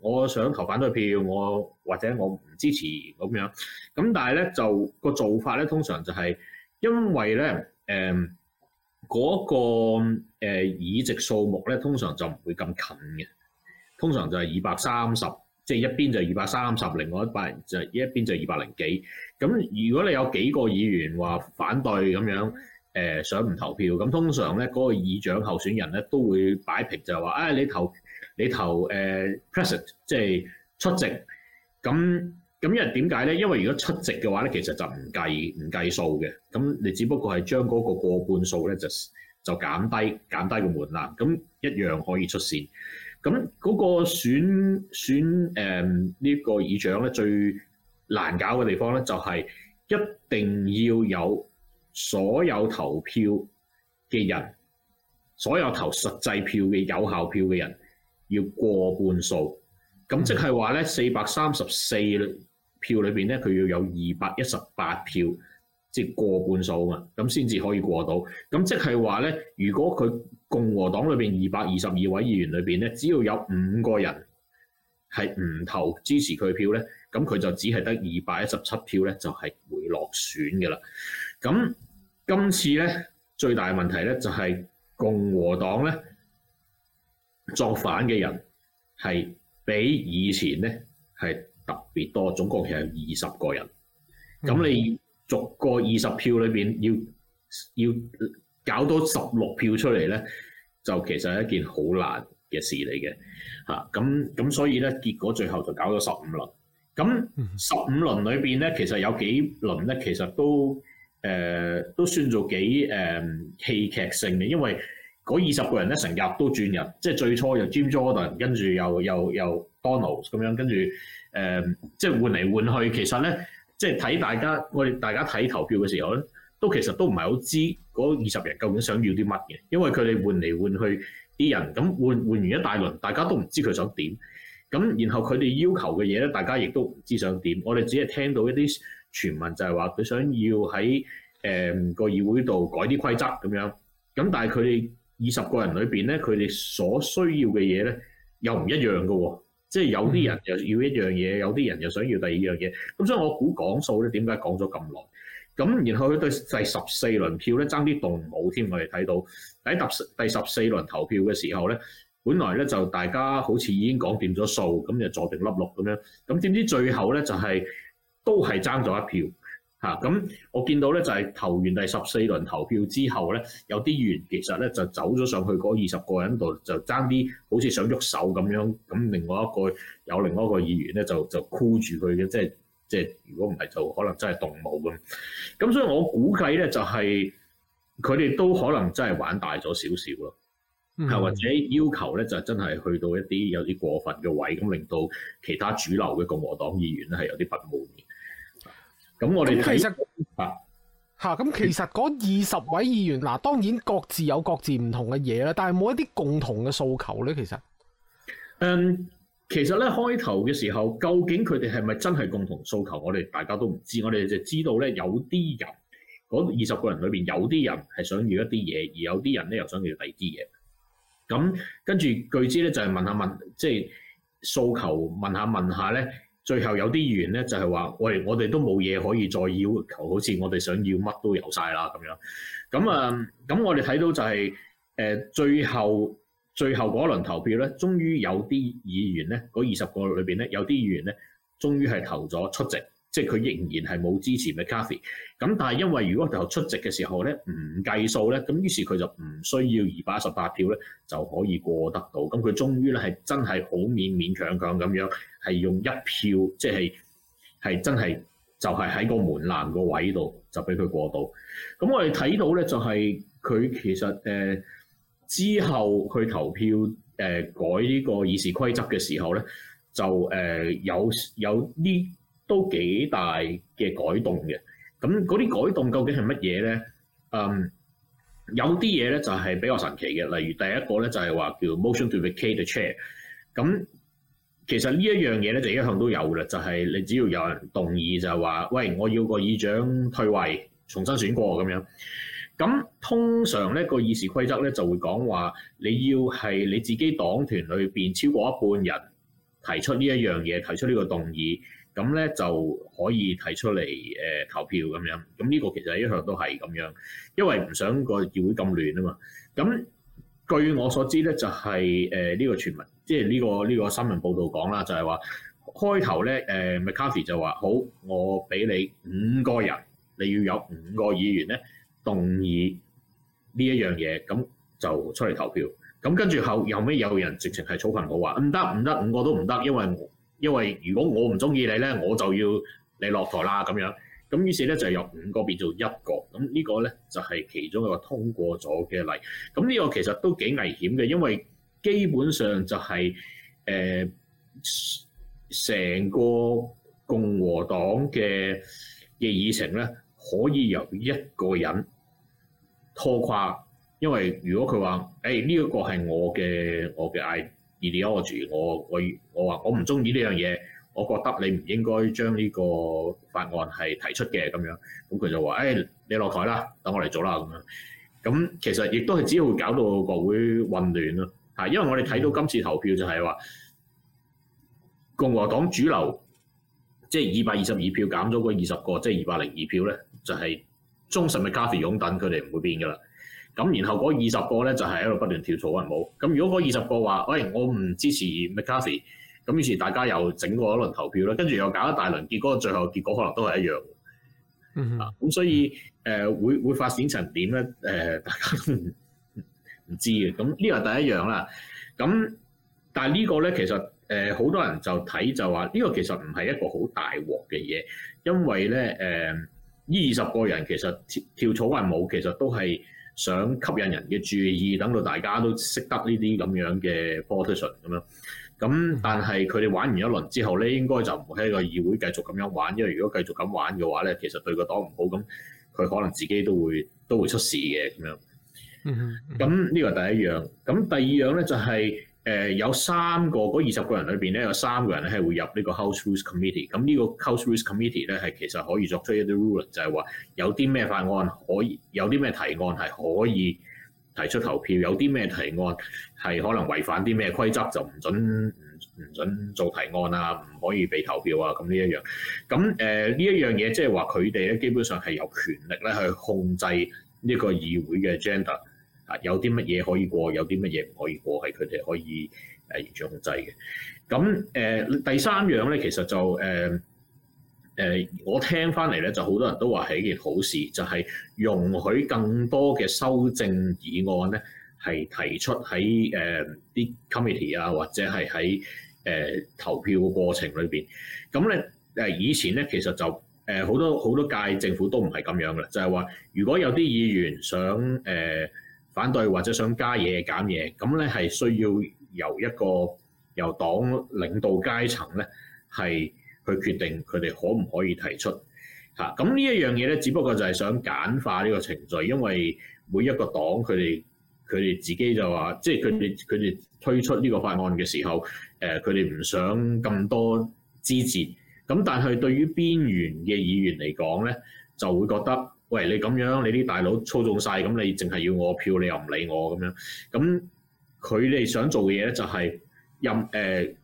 [SPEAKER 2] 我想投反對票，我或者我唔支持咁樣。咁但係咧就個做法咧通常就係因為咧嗰、呃那個議、呃、議席數目咧通常就唔會咁近嘅，通常就係二百三十。即係一邊就二百三十，另外一百人就一邊就二百零幾。咁如果你有幾個議員話反對咁樣，誒、呃、想唔投票，咁通常咧嗰個議長候選人咧都會擺平就，就係話：誒你投你投誒、呃、present，即係出席。咁咁因為點解咧？因為如果出席嘅話咧，其實就唔計唔計數嘅。咁你只不過係將嗰個過半數咧就就減低減低個門檻，咁一樣可以出線。咁、那、嗰個選選呢、嗯、呢個議長咧最難搞嘅地方咧，就係、是、一定要有所有投票嘅人，所有投實際票嘅有效票嘅人，要過半數。咁即係話咧，四百三十四票裏邊咧，佢要有二百一十八票，即、就、係、是、過半數啊嘛！咁先至可以過到。咁即係話咧，如果佢共和黨裏邊二百二十二位議員裏邊咧，只要有五個人係唔投支持佢票咧，咁佢就只係得二百一十七票咧，就係、是、會落選嘅啦。咁今次咧，最大嘅問題咧就係共和黨咧作反嘅人係比以前咧係特別多，總共係有二十個人。咁你逐個二十票裏邊要要，要搞到十六票出嚟咧，就其實係一件好難嘅事嚟嘅，嚇咁咁所以咧，結果最後就搞到十五輪。咁十五輪裏邊咧，其實有幾輪咧，其實都誒、呃、都算做幾誒、呃、戲劇性嘅，因為嗰二十個人咧成日都轉人，即係最初又 Jim Jordan，跟住又又又 Donald 咁樣，跟住誒、呃、即係換嚟換去。其實咧，即係睇大家我哋大家睇投票嘅時候咧。都其實都唔係好知嗰二十人究竟想要啲乜嘅，因為佢哋換嚟換去啲人，咁換換完一大輪，大家都唔知佢想點。咁然後佢哋要求嘅嘢咧，大家亦都唔知想點。我哋只係聽到一啲傳聞就，就係話佢想要喺誒個議會度改啲規則咁樣。咁但係佢哋二十個人裏邊咧，佢哋所需要嘅嘢咧又唔一樣嘅喎。即係有啲人又要一樣嘢，有啲人又想要第二樣嘢。咁所以我估講數咧，點解講咗咁耐？咁然後佢對第十四輪票咧爭啲動武添，我哋睇到喺第十四輪投票嘅時候咧，本來咧就大家好似已經講掂咗數，咁就坐定粒六咁樣。咁點知最後咧就係都係爭咗一票吓。咁我見到咧就係投完第十四輪投票之後咧，有啲議員其實咧就走咗上去嗰二十個人度就爭啲好似想喐手咁樣。咁另外一個，有另外一個議員咧就就箍住佢嘅，即係。即係如果唔係，就可能真係動武咁。咁所以我估計咧，就係佢哋都可能真係玩大咗少少咯，係、嗯、或者要求咧就真係去到一啲有啲過分嘅位，咁令到其他主流嘅共和黨議員咧係有啲不滿嘅。
[SPEAKER 1] 咁我哋睇啊嚇，咁其實嗰二十位議員嗱，當然各自有各自唔同嘅嘢啦，但係冇一啲共同嘅訴求咧。其實，嗯、
[SPEAKER 2] um,。其實咧開頭嘅時候，究竟佢哋係咪真係共同訴求？我哋大家都唔知，我哋就知道咧有啲人嗰二十個人裏邊有啲人係想要一啲嘢，而有啲人咧又想要第二啲嘢。咁跟住據知咧就係問下問，即係訴求問下問下咧，最後有啲議員咧就係話：喂，我哋都冇嘢可以再要求，好似我哋想要乜都有晒啦咁樣。咁啊，咁我哋睇到就係誒最後。最後嗰輪投票咧，終於有啲議員咧，嗰二十個裏面咧，有啲議員咧，終於係投咗出席，即係佢仍然係冇支持嘅 McCarthy。咁但係因為如果投出席嘅時候咧，唔計數咧，咁於是佢就唔需要二百一十八票咧，就可以過得到。咁佢終於咧係真係好勉勉強強咁樣，係用一票，即係係真係就係喺個門檻個位度就俾佢過到。咁我哋睇到咧就係佢其實誒。呃之後去投票，誒、呃、改呢個議事規則嘅時候咧，就誒、呃、有有啲都幾大嘅改動嘅。咁嗰啲改動究竟係乜嘢咧？嗯，有啲嘢咧就係比較神奇嘅，例如第一個咧就係話叫 Motion to vacate the chair。咁其實呢一樣嘢咧就一向都有啦，就係、是、你只要有人動議就係話，喂，我要個議長退位，重新選過咁樣。咁通常咧、呢個議事規則咧就會講話，你要係你自己黨團裏邊超過一半人提出呢一樣嘢，提出呢個動議，咁咧就可以提出嚟誒、呃、投票咁樣。咁呢個其實一向都係咁樣，因為唔想個議會咁亂啊嘛。咁據我所知咧，就係誒呢個傳聞，即係呢、呢個呢、呢個新聞報導講啦，就係話開頭咧，誒、呃、McCarthy 就話好，我俾你五個人，你要有五個議員咧，動議呢一樣嘢，咁就出嚟投票。咁跟住後後尾有，有人直情係草裙我話唔得唔得，五個都唔得，因為因為如果我唔中意你咧，我就要你落台啦咁樣。咁於是咧就由五個變做一個。咁呢個咧就係、是、其中一個通過咗嘅例。咁呢個其實都幾危險嘅，因為基本上就係、是、成、呃、個共和黨嘅嘅議程咧，可以由一個人。拖垮，因為如果佢話：誒呢一個係我嘅，我嘅 idea，我我我我話我唔中意呢樣嘢，我覺得你唔應該將呢個法案係提出嘅咁樣。咁佢就話：誒、哎、你落台啦，等我嚟做啦咁樣。咁其實亦都係只要搞到國會混亂咯。嚇，因為我哋睇到今次投票就係話共和黨主流，即係二百二十二票減咗個二十個，即係二百零二票咧，就係、是。忠實嘅 McCarthy 擁躉，佢哋唔會變噶啦。咁然後嗰二十個咧，就係喺度不斷跳槽。錯雲舞。咁如果嗰二十個話：，喂，我唔支持 McCarthy，咁於是大家又整個一輪投票啦，跟住又搞一大輪，結果最後結果可能都係一樣。咁、嗯啊、所以誒、呃，會會發展成點咧？誒、呃，大家都唔知嘅。咁呢個係第一樣啦。咁但係呢個咧，其實誒好、呃、多人就睇就話：呢個其實唔係一個好大鑊嘅嘢，因為咧誒。呃二十個人其實跳草係舞，其實都係想吸引人嘅注意，等到大家都識得呢啲咁樣嘅 presentation 咁樣。咁但係佢哋玩完一輪之後咧，應該就唔喺個議會繼續咁樣玩，因為如果繼續咁玩嘅話咧，其實對個黨唔好，咁佢可能自己都會都會出事嘅咁樣。咁呢個第一樣，咁第二樣咧就係、是。誒有三個嗰二十個人裏面咧，有三個人咧係會入呢個 House Rules Committee。咁呢個 House Rules Committee 咧係其實可以作出一啲 rule，就係話有啲咩法案可以，有啲咩提案係可以提出投票，有啲咩提案係可能違反啲咩規則就唔準唔唔準做提案啊，唔可以被投票啊。咁呢一樣，咁誒呢一樣嘢即係話佢哋咧基本上係有權力咧去控制呢個議會嘅 agenda。啊！有啲乜嘢可以過，有啲乜嘢唔可以過，係佢哋可以誒完全控制嘅。咁誒、呃、第三樣咧，其實就誒誒、呃呃，我聽翻嚟咧，就好多人都話係一件好事，就係、是、容許更多嘅修正議案咧，係提出喺誒啲 committee 啊，或者係喺誒投票嘅過程裏邊。咁咧誒以前咧，其實就誒好、呃、多好多屆政府都唔係咁樣嘅啦，就係、是、話如果有啲議員想誒。呃反對或者想加嘢減嘢，咁咧係需要由一個由黨領導階層咧係去決定佢哋可唔可以提出嚇。咁呢一樣嘢咧，只不過就係想簡化呢個程序，因為每一個黨佢哋佢哋自己就話，即係佢哋佢哋推出呢個法案嘅時候，誒佢哋唔想咁多枝節。咁但係對於邊緣嘅議員嚟講咧，就會覺得。喂，你咁樣，你啲大佬操縱晒，咁你淨係要我票，你又唔理我咁樣。咁佢哋想做嘅嘢咧，就係任誒、呃、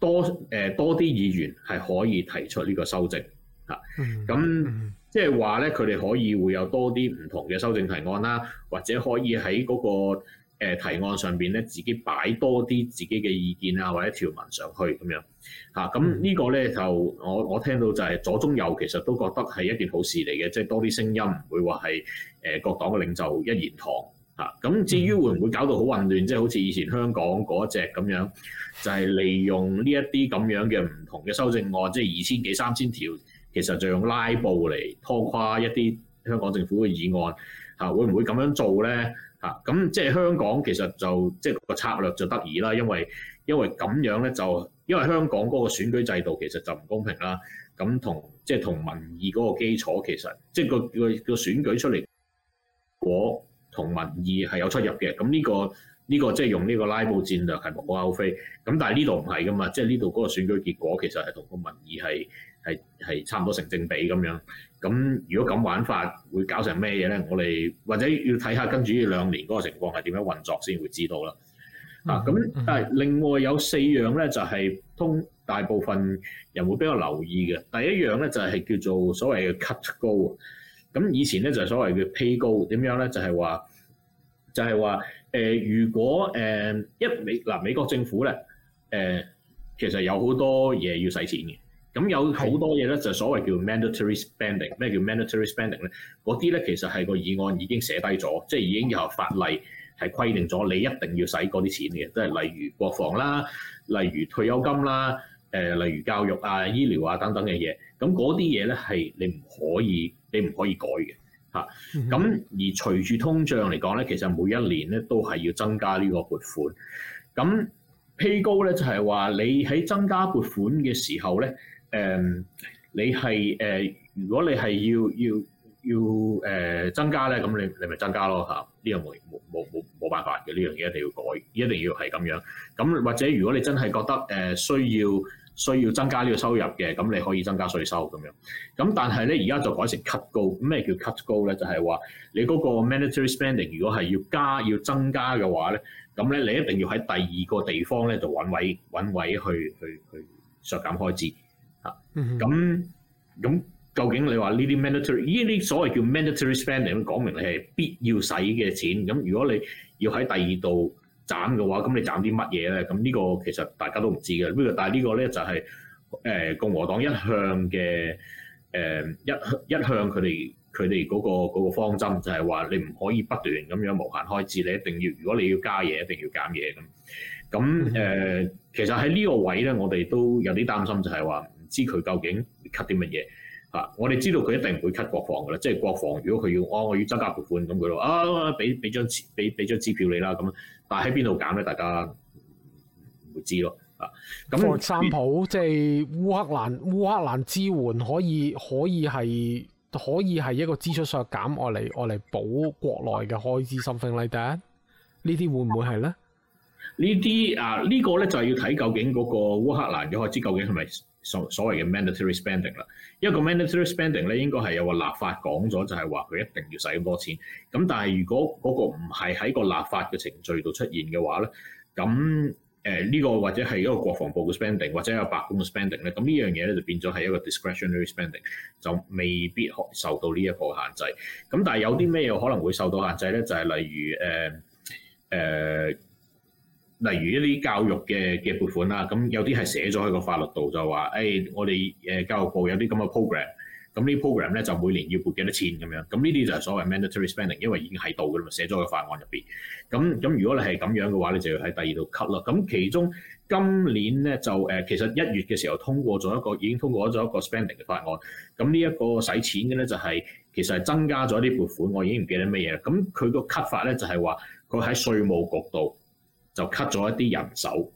[SPEAKER 2] 多誒、呃、多啲議員係可以提出呢個修正吓。咁即係話咧，佢哋、就係、可以會有多啲唔同嘅修正提案啦，或者可以喺嗰、嗰個。誒提案上邊咧，自己擺多啲自己嘅意見啊，或者條文上去咁樣嚇。咁呢個咧，就我我聽到就係左中右其實都覺得係一件好事嚟嘅，即係多啲聲音，唔會話係誒各黨嘅領袖一言堂嚇。咁至於會唔會搞到好混亂，即係好似以前香港嗰隻咁樣，就係利用呢一啲咁樣嘅唔同嘅修正案，即係二千幾三千條，其實就用拉布嚟拖垮一啲香港政府嘅議案嚇。會唔會咁樣做咧？咁即係香港其實就即係、就是、個策略就得意啦，因為因為咁樣咧就因為香港嗰個選舉制度其實就唔公平啦。咁同即係同民意嗰個基礎其實即係、就是、個個選選舉出嚟果同民意係有出入嘅。咁呢、這個呢、這個即係用呢個拉布戰略係無可厚非。咁但係呢度唔係㗎嘛，即係呢度嗰個選舉結果其實係同個民意係。係係差唔多成正比咁樣，咁如果咁玩法會搞成咩嘢咧？我哋或者要睇下跟住呢兩年嗰個情況係點樣運作先會知道啦、嗯嗯。啊，咁但係另外有四樣咧，就係、是、通大部分人會比較留意嘅。第一樣咧就係、是、叫做所謂嘅 cut-go，咁以前咧就係、是、所謂嘅 pay-go，點樣咧就係、是、話就係話誒，如果誒、呃、一美嗱、呃、美國政府咧誒、呃，其實有好多嘢要使錢嘅。咁有好多嘢咧，就所謂叫 mandatory spending。咩叫 mandatory spending 咧？嗰啲咧其實係個議案已經寫低咗，即係已經有法例係規定咗，你一定要使嗰啲錢嘅，即係例如國防啦，例如退休金啦，呃、例如教育啊、醫療啊等等嘅嘢。咁嗰啲嘢咧係你唔可以，你唔可以改嘅吓咁、嗯、而隨住通脹嚟講咧，其實每一年咧都係要增加呢個撥款。咁披高咧就係話你喺增加撥款嘅時候咧。誒、嗯，你係誒、呃，如果你係要要要誒、呃、增加咧，咁你你咪增加咯嚇。呢樣冇冇冇冇冇辦法嘅呢樣嘢一定要改，一定要係咁樣。咁或者如果你真係覺得誒、呃、需要需要，需要增加呢個收入嘅，咁你可以增加稅收咁樣。咁但係咧，而家就改成 cut go。咩叫 cut go o 咧？就係、是、話你嗰個 mandatory spending 如果係要加要增加嘅話咧，咁咧你一定要喺第二個地方咧就揾位揾位去去去削減開支。啊、嗯，咁咁究竟你話呢啲 mandatory 呢啲所謂叫 mandatory spending 講明你係必要使嘅錢，咁如果你要喺第二度斬嘅話，咁你斬啲乜嘢咧？咁呢個其實大家都唔知嘅。不過，但係呢個咧就係、是、誒、呃、共和黨一向嘅誒、呃、一一向佢哋佢哋嗰個方針，就係、是、話你唔可以不斷咁樣無限開支，你一定要如果你要加嘢，一定要減嘢咁。咁誒、呃嗯，其實喺呢個位咧，我哋都有啲擔心就是說，就係話。知佢究竟會 cut 啲乜嘢啊？我哋知道佢一定唔會 cut 國防嘅啦。即係國防，如果佢要我、哦，我要增加撥款咁，佢就啊俾俾張俾俾張支票你啦。咁但係喺邊度減咧？大家唔會知咯啊。咁特朗普
[SPEAKER 1] 即係烏克蘭烏克蘭支援可以可以係可以係一個支出削減，我嚟我嚟補國內嘅開支。Something like that 會會呢啲會唔會係咧？
[SPEAKER 2] 呢啲啊呢、呢個咧就係要睇究竟嗰個烏克蘭嘅開支究竟係咪所所謂嘅 mandatory spending 啦，一個 mandatory spending 咧，應該係有個立法講咗，就係話佢一定要使咁多錢。咁但係如果嗰個唔係喺個立法嘅程序度出現嘅話咧，咁誒呢個或者係一個國防部嘅 spending，或者有白宮嘅 spending 咧，咁呢樣嘢咧就變咗係一個 discretionary spending，就未必受到呢一個限制。咁但係有啲咩嘢可能會受到限制咧？就係、是、例如，呃呃例如一啲教育嘅嘅撥款啦，咁有啲係寫咗喺個法律度就話，誒、哎、我哋誒教育部有啲咁嘅 program，咁呢啲 program 咧就每年要撥幾多錢咁樣，咁呢啲就係所謂 mandatory spending，因為已經喺度㗎啦，嘛，寫咗喺法案入面。咁咁如果你係咁樣嘅話，你就要喺第二度 cut 啦。咁其中今年咧就誒，其實一月嘅時候通過咗一個已經通過咗一個 spending 嘅法案。咁呢一個使錢嘅咧就係、是、其實係增加咗啲撥款，我已經唔記得咩嘢。咁佢個 cut 法咧就係話佢喺稅務局度。就 cut 咗一啲人手，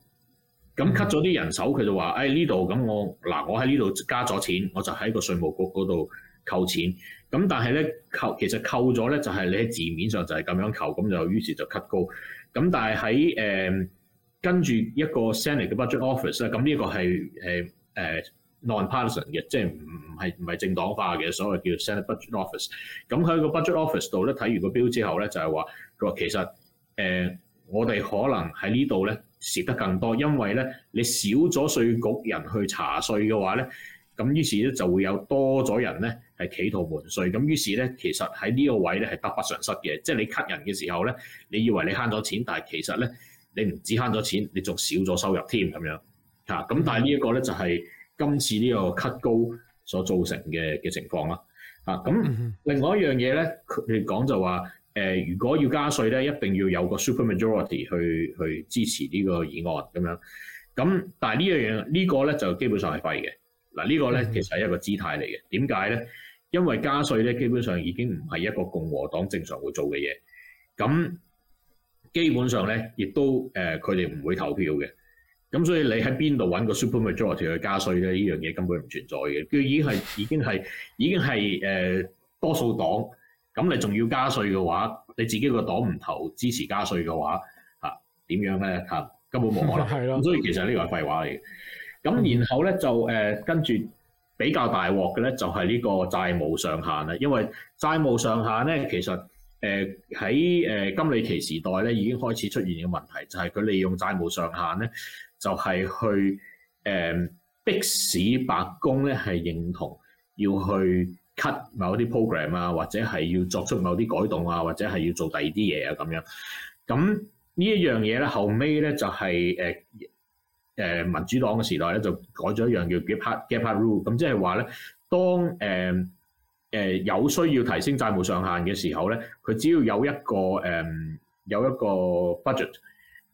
[SPEAKER 2] 咁 cut 咗啲人手，佢就話，誒呢度咁我嗱，我喺呢度加咗錢，我就喺個稅務局嗰度扣錢。咁但係咧扣，其實扣咗咧就係你喺字面上就係咁樣扣，咁就於是就 cut 高。咁但係喺誒跟住一個 Senate 嘅 Budget Office 咧，咁呢一個係誒誒 non-partisan 嘅，即係唔唔係唔係政黨化嘅所謂叫 Senate Budget Office。咁喺個 Budget Office 度咧睇完個 bill 之後咧，就係話佢話其實誒。嗯我哋可能喺呢度咧蝕得更多，因為咧你少咗稅局人去查稅嘅話咧，咁於是咧就會有多咗人咧係企圖瞞稅，咁於是咧其實喺呢個位咧係得不償失嘅，即係你 cut 人嘅時候咧，你以為你慳咗錢，但係其實咧你唔止慳咗錢，你仲少咗收入添咁樣嚇。咁、嗯、但係呢一個咧就係、是、今次呢個 cut 高所造成嘅嘅情況啦。啊，咁另外一樣嘢咧佢哋講就話。誒、呃，如果要加稅咧，一定要有個 super majority 去去支持呢個議案咁樣。咁但係呢樣嘢呢個咧、這個、就基本上係廢嘅。嗱、啊，這個、呢個咧其實係一個姿態嚟嘅。點解咧？因為加稅咧基本上已經唔係一個共和黨正常會做嘅嘢。咁基本上咧亦都誒佢哋唔會投票嘅。咁所以你喺邊度搵個 super majority 去加稅咧？呢樣嘢根本唔存在嘅。佢已經係已經係已經係誒、呃、多數黨。咁你仲要加稅嘅話，你自己個黨唔投支持加稅嘅話，嚇，點樣咧？嚇根本冇可能。係 咯。所以其實呢個係廢話嚟。嘅、嗯。咁然後咧就誒跟住比較大鍋嘅咧就係呢個債務上限啦。因為債務上限咧其實誒喺誒金里奇時代咧已經開始出現嘅問題，就係、是、佢利用債務上限咧就係、是、去誒、呃、迫使白宮咧係認同要去。cut 某啲 program 啊，或者係要作出某啲改動啊，或者係要做第二啲嘢啊，咁樣。咁呢一樣嘢咧、就是，後尾咧就係誒誒民主黨嘅時代咧，就改咗一樣叫 Gephardt rule，咁即係話咧，當誒誒、呃呃、有需要提升債務上限嘅時候咧，佢只要有一個誒、呃、有一個 budget，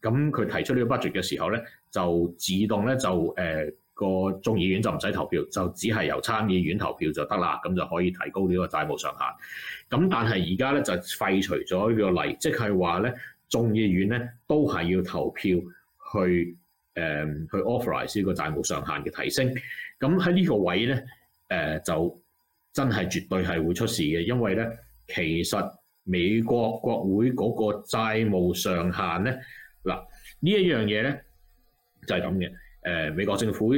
[SPEAKER 2] 咁、呃、佢提出呢個 budget 嘅時候咧，就自動咧就誒。呃個眾議院就唔使投票，就只係由參議院投票就得啦，咁就可以提高呢個債務上限。咁但係而家咧就廢除咗呢個例，即係話咧眾議院咧都係要投票去誒、呃、去 authorize 呢個債務上限嘅提升。咁喺呢個位咧誒、呃、就真係絕對係會出事嘅，因為咧其實美國國會嗰個債務上限咧嗱呢一樣嘢咧就係咁嘅。誒，美國政府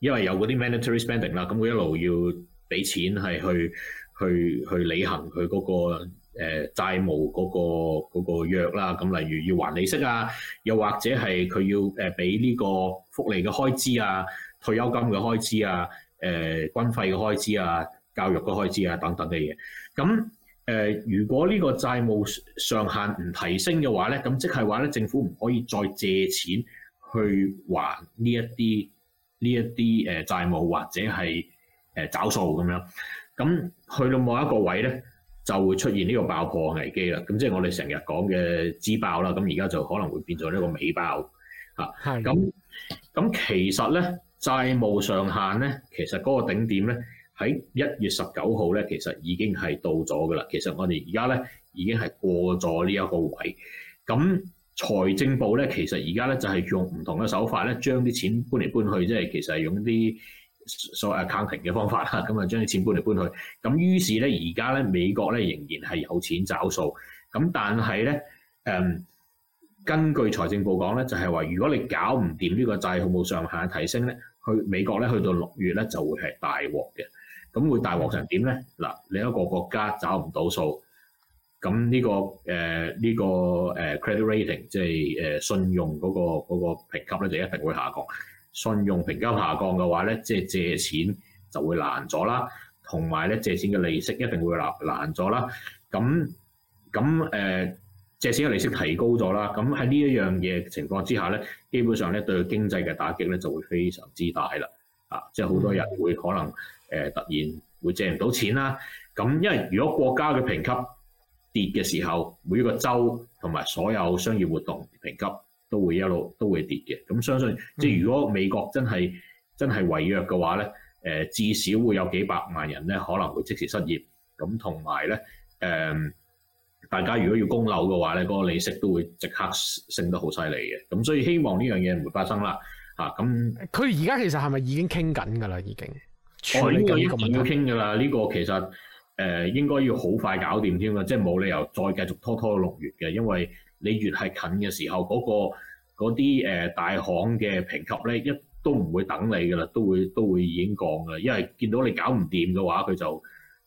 [SPEAKER 2] 因為有嗰啲 mandatory spending 啦，咁佢一路要俾錢係去去去履行佢嗰個誒債務嗰、嗰個約啦，咁、嗰個、例如要還利息啊，又或者係佢要誒俾呢個福利嘅開支啊、退休金嘅開支啊、誒、呃、軍費嘅開支啊、教育嘅開支啊等等嘅嘢。咁誒、呃、如果呢個債務上限唔提升嘅話咧，咁即係話咧政府唔可以再借錢。去還呢一啲呢一啲誒債務，或者係誒找數咁樣，咁去到某一個位咧，就會出現呢個爆破危機啦。咁即係我哋成日講嘅支爆啦。咁而家就可能會變咗呢個美爆啊。係。咁咁其實咧債務上限咧，其實嗰個頂點咧喺一月十九號咧，其實已經係到咗噶啦。其實我哋而家咧已經係過咗呢一個位咁。財政部咧，其實而家咧就係用唔同嘅手法咧，將啲錢搬嚟搬去，即係其實係用啲所謂 accounting 嘅方法啦。咁啊，將啲錢搬嚟搬去。咁於是咧，而家咧美國咧仍然係有錢找數。咁但係咧，誒根據財政部講咧，就係話如果你搞唔掂呢個債務上限提升咧，去美國咧去到六月咧就會係大鑊嘅。咁會大鑊成點咧？嗱，另一個國家找唔到數。咁呢個誒呢個誒 credit rating，即係信用嗰個嗰個評級咧，就一定會下降。信用評級下降嘅話咧，即係借錢就會難咗啦。同埋咧，借錢嘅利息一定會難咗啦。咁咁誒借錢嘅利息提高咗啦。咁喺呢一樣嘢情況之下咧，基本上咧對經濟嘅打擊咧就會非常之大啦。啊，即係好多人會可能誒突然會借唔到錢啦。咁因為如果國家嘅評級，跌嘅時候，每一個州同埋所有商業活動評級都會一路都會跌嘅。咁相信即係如果美國真係真係違約嘅話咧，誒、呃、至少會有幾百萬人咧可能會即時失業。咁同埋咧誒，大家如果要供樓嘅話咧，嗰、那個利息都會即刻升得好犀利嘅。咁所以希望呢樣嘢唔會發生啦。嚇咁
[SPEAKER 1] 佢而家其實係咪已經傾緊㗎啦？已經，我呢個一定要
[SPEAKER 2] 傾㗎啦。呢個其實。誒應該要好快搞掂添㗎，即係冇理由再繼續拖拖六月嘅，因為你越係近嘅時候，嗰、那個嗰個嗰啲誒大行嘅評級咧，一都唔會等你㗎啦，都會都會已經降㗎，因為見到你搞唔掂嘅話，佢就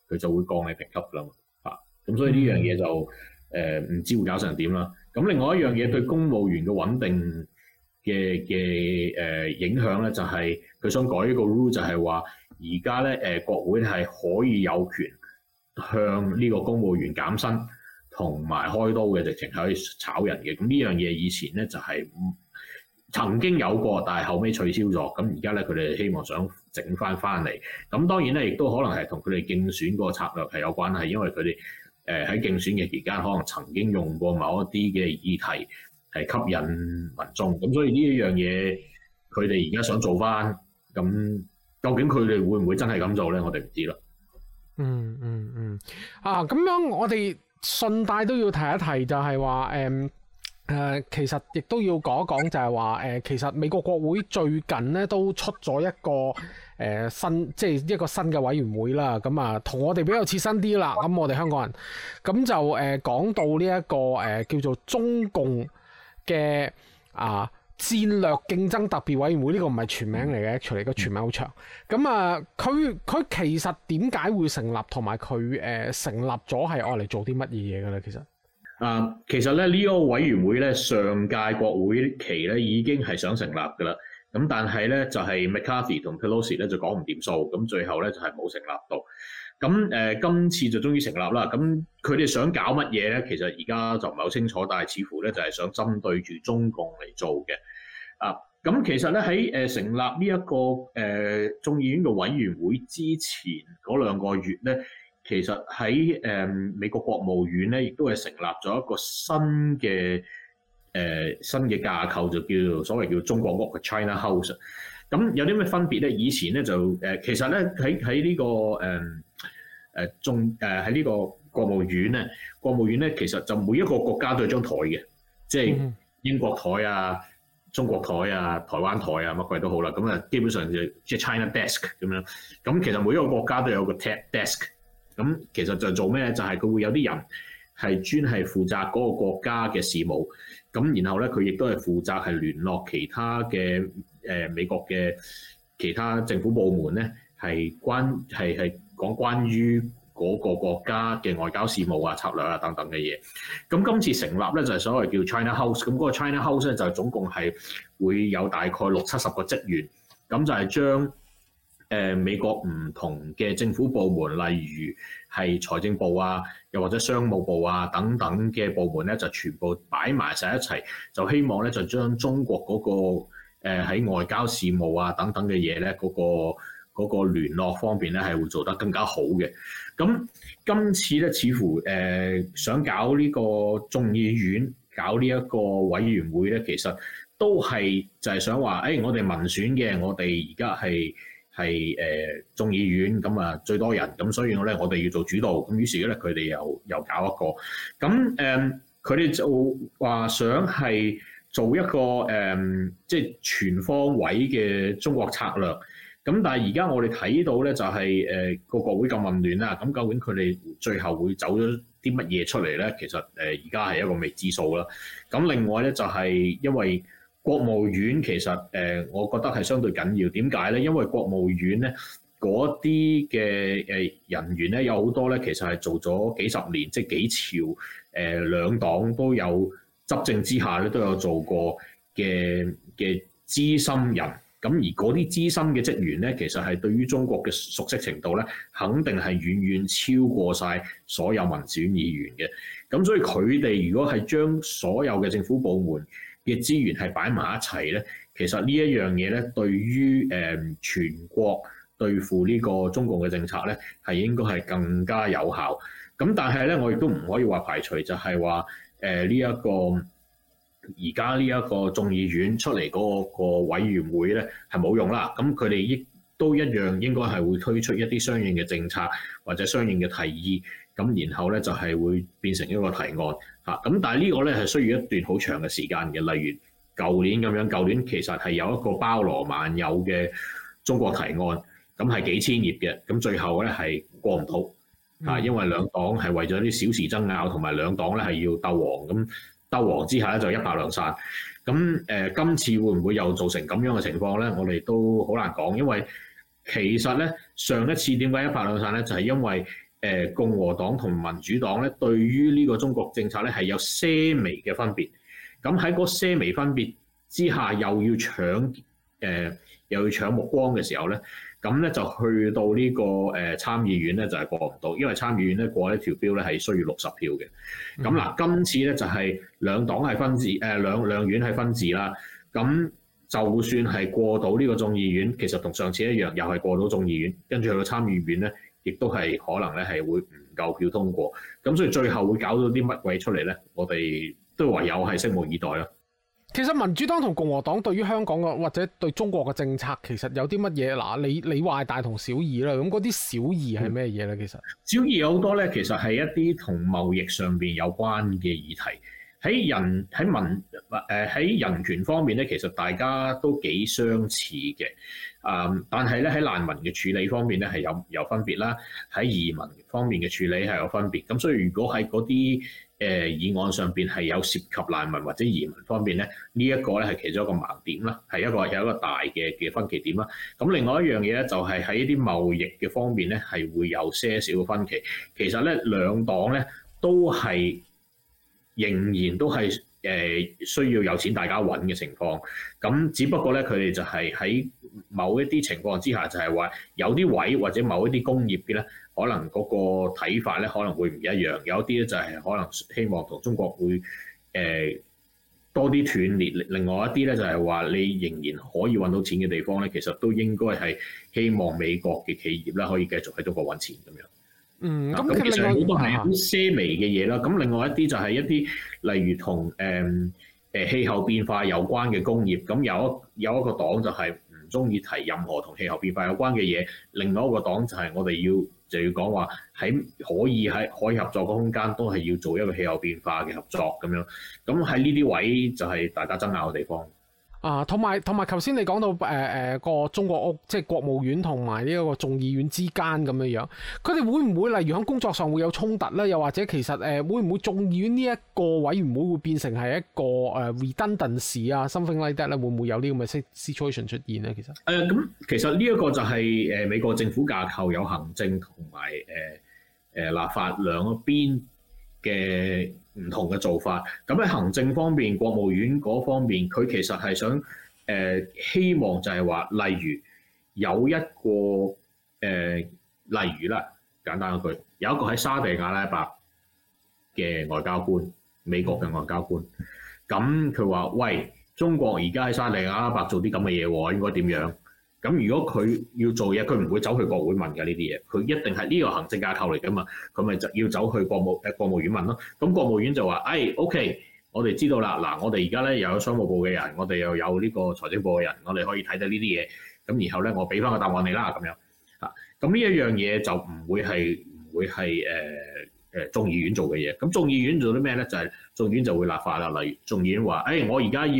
[SPEAKER 2] 佢就會降你評級㗎啦。啊，咁所以呢樣嘢就誒唔、嗯、知道會搞成點啦。咁另外一樣嘢對公務員嘅穩定嘅嘅誒影響咧，就係、是係、佢想改一個 rule，就係話而家咧誒國會係可以有權。向呢個公務員減薪同埋開刀嘅，直情係可以炒人嘅。咁呢樣嘢以前咧就係曾經有過，但係後尾取消咗。咁而家咧，佢哋希望想整翻翻嚟。咁當然咧，亦都可能係同佢哋競選嗰個策略係有關係，因為佢哋誒喺競選嘅期間，可能曾經用過某一啲嘅議題係吸引民眾。咁所以呢一樣嘢，佢哋而家想做翻，咁究竟佢哋會唔會真係咁做咧？我哋唔知啦。
[SPEAKER 1] 嗯嗯嗯，啊咁樣我哋順帶都要提一提就，就係話誒誒，其實亦都要講一講，就係話誒，其實美國國會最近咧都出咗一個誒、呃、新，即係一個新嘅委員會啦。咁啊，同我哋比較切身啲啦。咁、嗯、我哋香港人咁就誒講、呃、到呢、這、一個誒、呃、叫做中共嘅啊。戰略競爭特別委員會，呢個唔係全名嚟嘅，出嚟個全名好長。咁啊，佢佢其實點解會成立，同埋佢誒成立咗係愛嚟做啲乜嘢嘢㗎咧？其實啊，
[SPEAKER 2] 其實咧呢個委員會咧上屆國會期咧已經係想成立㗎啦。咁但係咧就係 McCarthy 同 Pelosi 咧就講唔掂數，咁最後咧就係冇成立到。咁、呃、今次就終於成立啦。咁佢哋想搞乜嘢咧？其實而家就唔係好清楚，但係似乎咧就係想針對住中共嚟做嘅。啊，咁其實咧喺成立呢、這、一個誒眾、呃、議院嘅委員會之前嗰兩個月咧，其實喺誒、呃、美國國務院咧，亦都係成立咗一個新嘅誒、呃、新嘅架構，就叫做所謂叫中國屋嘅 China House。咁有啲咩分別咧？以前咧就誒，其實咧喺喺呢、這個誒誒、呃、中誒喺呢個國務院咧，國務院咧其實就每一個國家都有張台嘅，即係英國台啊、中國台啊、台灣台啊，乜鬼都好啦。咁啊，基本上就即係 China desk 咁樣。咁其實每一個國家都有個 table desk。咁其實就做咩咧？就係、是、佢會有啲人。係專係負責嗰個國家嘅事務，咁然後咧佢亦都係負責係聯絡其他嘅誒美國嘅其他政府部門咧，係關係係講關於嗰個國家嘅外交事務啊、策略啊等等嘅嘢。咁今次成立咧就係所謂叫 China House，咁嗰個 China House 咧就係總共係會有大概六七十個職員，咁就係將誒美國唔同嘅政府部門，例如係財政部啊。又或者商務部啊等等嘅部門咧，就全部擺埋晒一齊，就希望咧就將中國嗰個誒喺外交事務啊等等嘅嘢咧，嗰個嗰個聯絡方面咧係會做得更加好嘅。咁今次咧似乎誒想搞呢個眾議院搞呢一個委員會咧，其實都係就係想話，誒我哋民選嘅我哋而家係。係誒、呃、眾議院咁啊最多人咁，所以咧我哋要做主導。咁於是咧佢哋又又搞一個，咁誒佢哋就話想係做一個誒即係全方位嘅中國策略。咁但係而家我哋睇到咧就係誒個國會咁混亂啦。咁究竟佢哋最後會走咗啲乜嘢出嚟咧？其實誒而家係一個未知數啦。咁另外咧就係、是、因為。國務院其實誒，我覺得係相對緊要。點解咧？因為國務院咧嗰啲嘅誒人員咧，有好多咧，其實係做咗幾十年，即係幾朝誒兩黨都有執政之下咧，都有做過嘅嘅資深人。咁而嗰啲資深嘅職員咧，其實係對於中國嘅熟悉程度咧，肯定係遠遠超過晒所有民主議員嘅。咁所以佢哋如果係將所有嘅政府部門，嘅資源係擺埋一齊咧，其實呢一樣嘢咧，對於誒全國對付呢個中共嘅政策咧，係應該係更加有效。咁但係咧，我亦都唔可以話排除，就係話誒呢一個而家呢一個眾議院出嚟嗰個委員會咧，係冇用啦。咁佢哋亦都一樣應該係會推出一啲相應嘅政策或者相應嘅提議。咁然後咧就係會變成一個提案嚇，咁但係呢個咧係需要一段好長嘅時間嘅。例如舊年咁樣，舊年其實係有一個包羅萬有嘅中國提案，咁係幾千頁嘅，咁最後咧係過唔到嚇，因為兩黨係為咗啲小事爭拗，同埋兩黨咧係要鬥王。咁鬥王之下咧就一拍兩散。咁誒今次會唔會又造成咁樣嘅情況咧？我哋都好難講，因為其實咧上一次點解一拍兩散咧，就係因為。誒共和黨同民主黨咧，對於呢個中國政策咧係有些微嘅分別。咁喺嗰些微分別之下，又要搶誒、呃、又要搶目光嘅時候咧，咁咧就去到呢個誒參議院咧就係過唔到，因為參議院咧過呢條票咧係需要六十票嘅。咁嗱，今次咧就係兩黨係分治，誒兩兩院係分治啦。咁就算係過到呢個眾議院，其實同上次一樣，又係過到眾議院，跟住去到參議院咧，亦都係可能咧係會唔夠票通過，咁所以最後會搞到啲乜鬼出嚟呢？我哋都唯有係拭目以待啦。
[SPEAKER 1] 其實民主黨同共和黨對於香港嘅或者對中國嘅政策，其實有啲乜嘢嗱？你你話係大同小異啦，咁嗰啲小異係咩嘢呢？嗯、其實小異有好多呢，其實係一啲同貿易上邊有關嘅議題。
[SPEAKER 2] 喺人喺民誒喺、呃、人權方面呢，其實大家都幾相似嘅。誒，但係咧喺難民嘅處理方面咧係有有分別啦，喺移民方面嘅處理係有分別。咁所以如果喺嗰啲誒議案上邊係有涉及難民或者移民方面咧，呢一個咧係其中一個盲點啦，係一個有一個大嘅嘅分歧點啦。咁另外一樣嘢咧就係喺啲貿易嘅方面咧係會有些少分歧。其實咧兩黨咧都係仍然都係誒需要有錢大家揾嘅情況。咁只不過咧佢哋就係喺某一啲情況之下，就係話有啲位或者某一啲工業嘅咧，可能嗰個睇法咧可能會唔一樣。有一啲咧就係可能希望同中國會誒、呃、多啲斷裂。另外一啲咧就係話你仍然可以揾到錢嘅地方咧，其實都應該係希望美國嘅企業咧可以繼續喺中國揾錢咁樣。
[SPEAKER 1] 嗯，咁、啊嗯嗯、其實好多係好
[SPEAKER 2] 奢微嘅嘢啦。咁另外一啲就係一啲例如同誒誒氣候變化有關嘅工業，咁有一有一個黨就係、是。唔中意提任何同氣候變化有關嘅嘢，另外一個黨就係我哋要就要講話喺可以喺可以合作嘅空間，都係要做一個氣候變化嘅合作咁樣。咁喺呢啲位置就係大家爭拗嘅地方。
[SPEAKER 1] 啊，同埋同埋，頭先你講到個、呃呃、中國屋，即係國務院同埋呢一個眾議院之間咁樣樣，佢哋會唔會例如喺工作上會有衝突咧？又或者其實、呃、會唔會眾議院呢一個委員會，會會變成係一個誒 redundancy 啊，something like that 咧？會唔會有呢咁嘅 situation 出現咧、呃？其實
[SPEAKER 2] 咁，其實呢一個就係、呃呃、美國政府架構有行政同埋、呃呃、立法兩邊。嘅唔同嘅做法，咁喺行政方面，國務院嗰方面佢其實係想誒、呃、希望就係話例如有一個誒、呃、例如啦，簡單一句，有一個喺沙地阿拉伯嘅外交官，美國嘅外交官，咁佢話喂，中國而家喺沙地阿拉伯做啲咁嘅嘢，應該點樣。咁如果佢要做嘢，佢唔會走去國會問㗎呢啲嘢，佢一定係呢個行政架構嚟㗎嘛，咁咪就要走去國務誒國務院問咯。咁國務院就話，誒 OK，我哋知道啦，嗱，我哋而家咧又有商務部嘅人，我哋又有呢個財政部嘅人，我哋可以睇到呢啲嘢。咁然後咧，我俾翻個答案你啦，咁樣嚇。咁呢一樣嘢就唔會係唔會係誒誒眾議院做嘅嘢。咁眾議院做啲咩咧？就係、是、眾議院就會立法啦。例如眾議院話，誒、哎、我而家要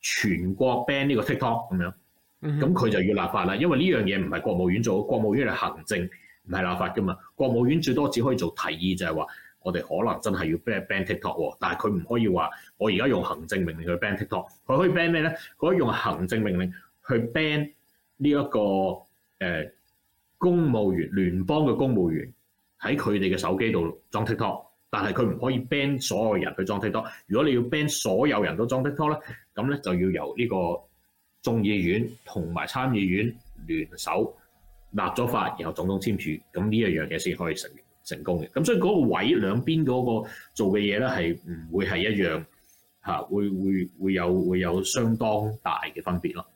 [SPEAKER 2] 全國 ban 呢個 TikTok 咁樣。咁佢就要立法啦，因為呢樣嘢唔係國務院做，國務院係行政，唔係立法噶嘛。國務院最多只可以做提議，就係話我哋可能真係要 ban TikTok 喎，但係佢唔可以話我而家用行政命令去 ban TikTok，佢可以 ban 咩咧？佢可以用行政命令去 ban 呢一個、呃、公務員，聯邦嘅公務員喺佢哋嘅手機度裝 TikTok，但係佢唔可以 ban 所有人去裝 TikTok。如果你要 ban 所有人都裝 TikTok 咧，咁咧就要由呢個。眾議院同埋參議院聯手立咗法，然後總統簽署，咁呢一樣嘢先可以成成功嘅。咁所以嗰個位兩邊嗰個做嘅嘢咧，係唔會係一樣嚇，會會會有會有相當大嘅分別咯。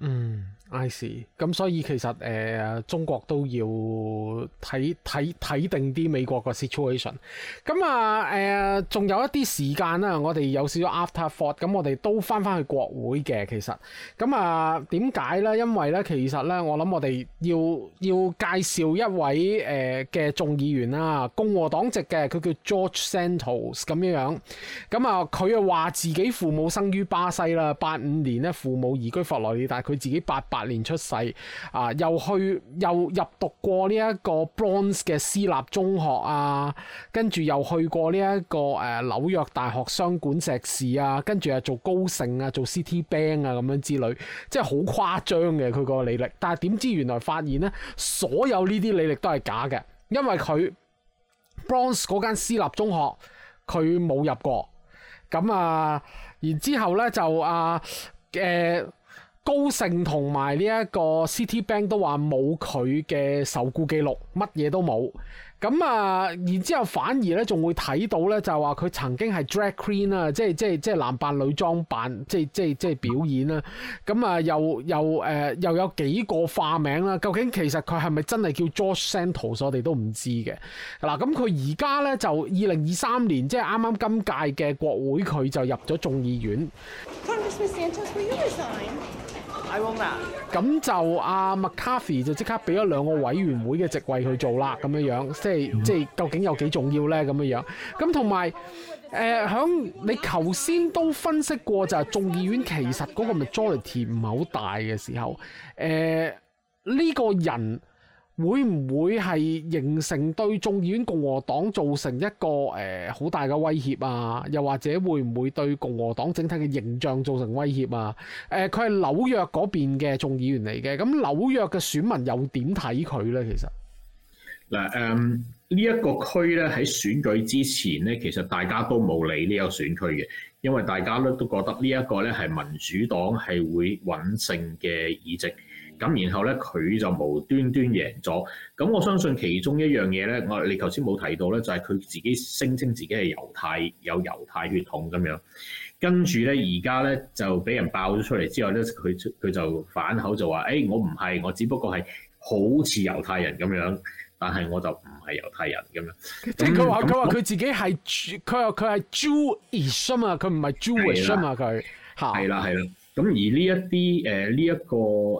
[SPEAKER 2] 嗯。
[SPEAKER 1] I see，咁所以其實誒、呃、中國都要睇睇睇定啲美國嘅 situation。咁啊誒，仲、呃、有一啲時間啦，我哋有少少 afterthought，咁我哋都翻翻去國會嘅其實。咁啊點解咧？因為咧其實咧，我諗我哋要要介紹一位誒嘅、呃、眾議員啦，共和黨籍嘅，佢叫 George Santos 咁樣樣。咁啊佢又話自己父母生於巴西啦，八五年咧父母移居佛羅里達，但係佢自己八八年出世啊、呃，又去又入讀過呢一個 Bronx 嘅私立中學啊，跟住又去過呢、這、一個誒、呃、紐約大學商管碩士啊，跟住又做高盛啊，做 Citibank 啊咁樣之類，即係好誇張嘅佢個履歷。但係點知原來發現呢所有呢啲履歷都係假嘅，因為佢 Bronx 嗰間私立中學佢冇入過。咁啊，然之後呢，就啊誒。呃高盛同埋呢一個 City Bank 都話冇佢嘅受雇記錄，乜嘢都冇。咁啊，然之後反而咧仲會睇到咧、就是，就話佢曾經係 drag queen 啊，即係即係即係男扮女裝扮，即係即係即係表演啦。咁啊，又又誒、呃、又有幾個化名啦。究竟其實佢係咪真係叫 George Santos？我哋都唔知嘅。嗱，咁佢而家咧就二零二三年，即係啱啱今屆嘅國會，佢就入咗眾議院。咁就阿 McCarthy 就即刻俾咗兩個委員會嘅席位去做啦，咁樣樣，即係即係究竟有幾重要咧？咁樣樣，咁同埋誒響你頭先都分析過，就係眾議院其實嗰個 majority 唔係好大嘅時候，誒、呃、呢、呢個人。會唔會係形成對眾議院共和黨造成一個誒好、呃、大嘅威脅啊？又或者會唔會對共和黨整體嘅形象造成威脅啊？誒、呃，佢係紐約嗰邊嘅眾議員嚟嘅，咁紐約嘅選民又點睇佢呢？其實嗱、嗯、誒，
[SPEAKER 2] 呢、這、一個區咧喺選舉之前咧，其實大家都冇理呢個選區嘅，因為大家都都覺得呢一個咧係民主黨係會穩勝嘅議席。咁然後咧，佢就無端端贏咗。咁我相信其中一樣嘢咧，我你頭先冇提到咧，就係、是、佢自己聲稱自己係猶太，有猶太血統咁樣。跟住咧，而家咧就俾人爆咗出嚟之後咧，佢佢就反口就話，誒、哎，我唔係，我只不過係好似猶太人咁樣，但係我就唔係猶太人咁樣。
[SPEAKER 1] 即係佢話佢話佢自己係佢話佢係 Jewishman 佢唔係 Jewishman 佢嚇。係啦，係啦。咁而呢一啲呢一
[SPEAKER 2] 個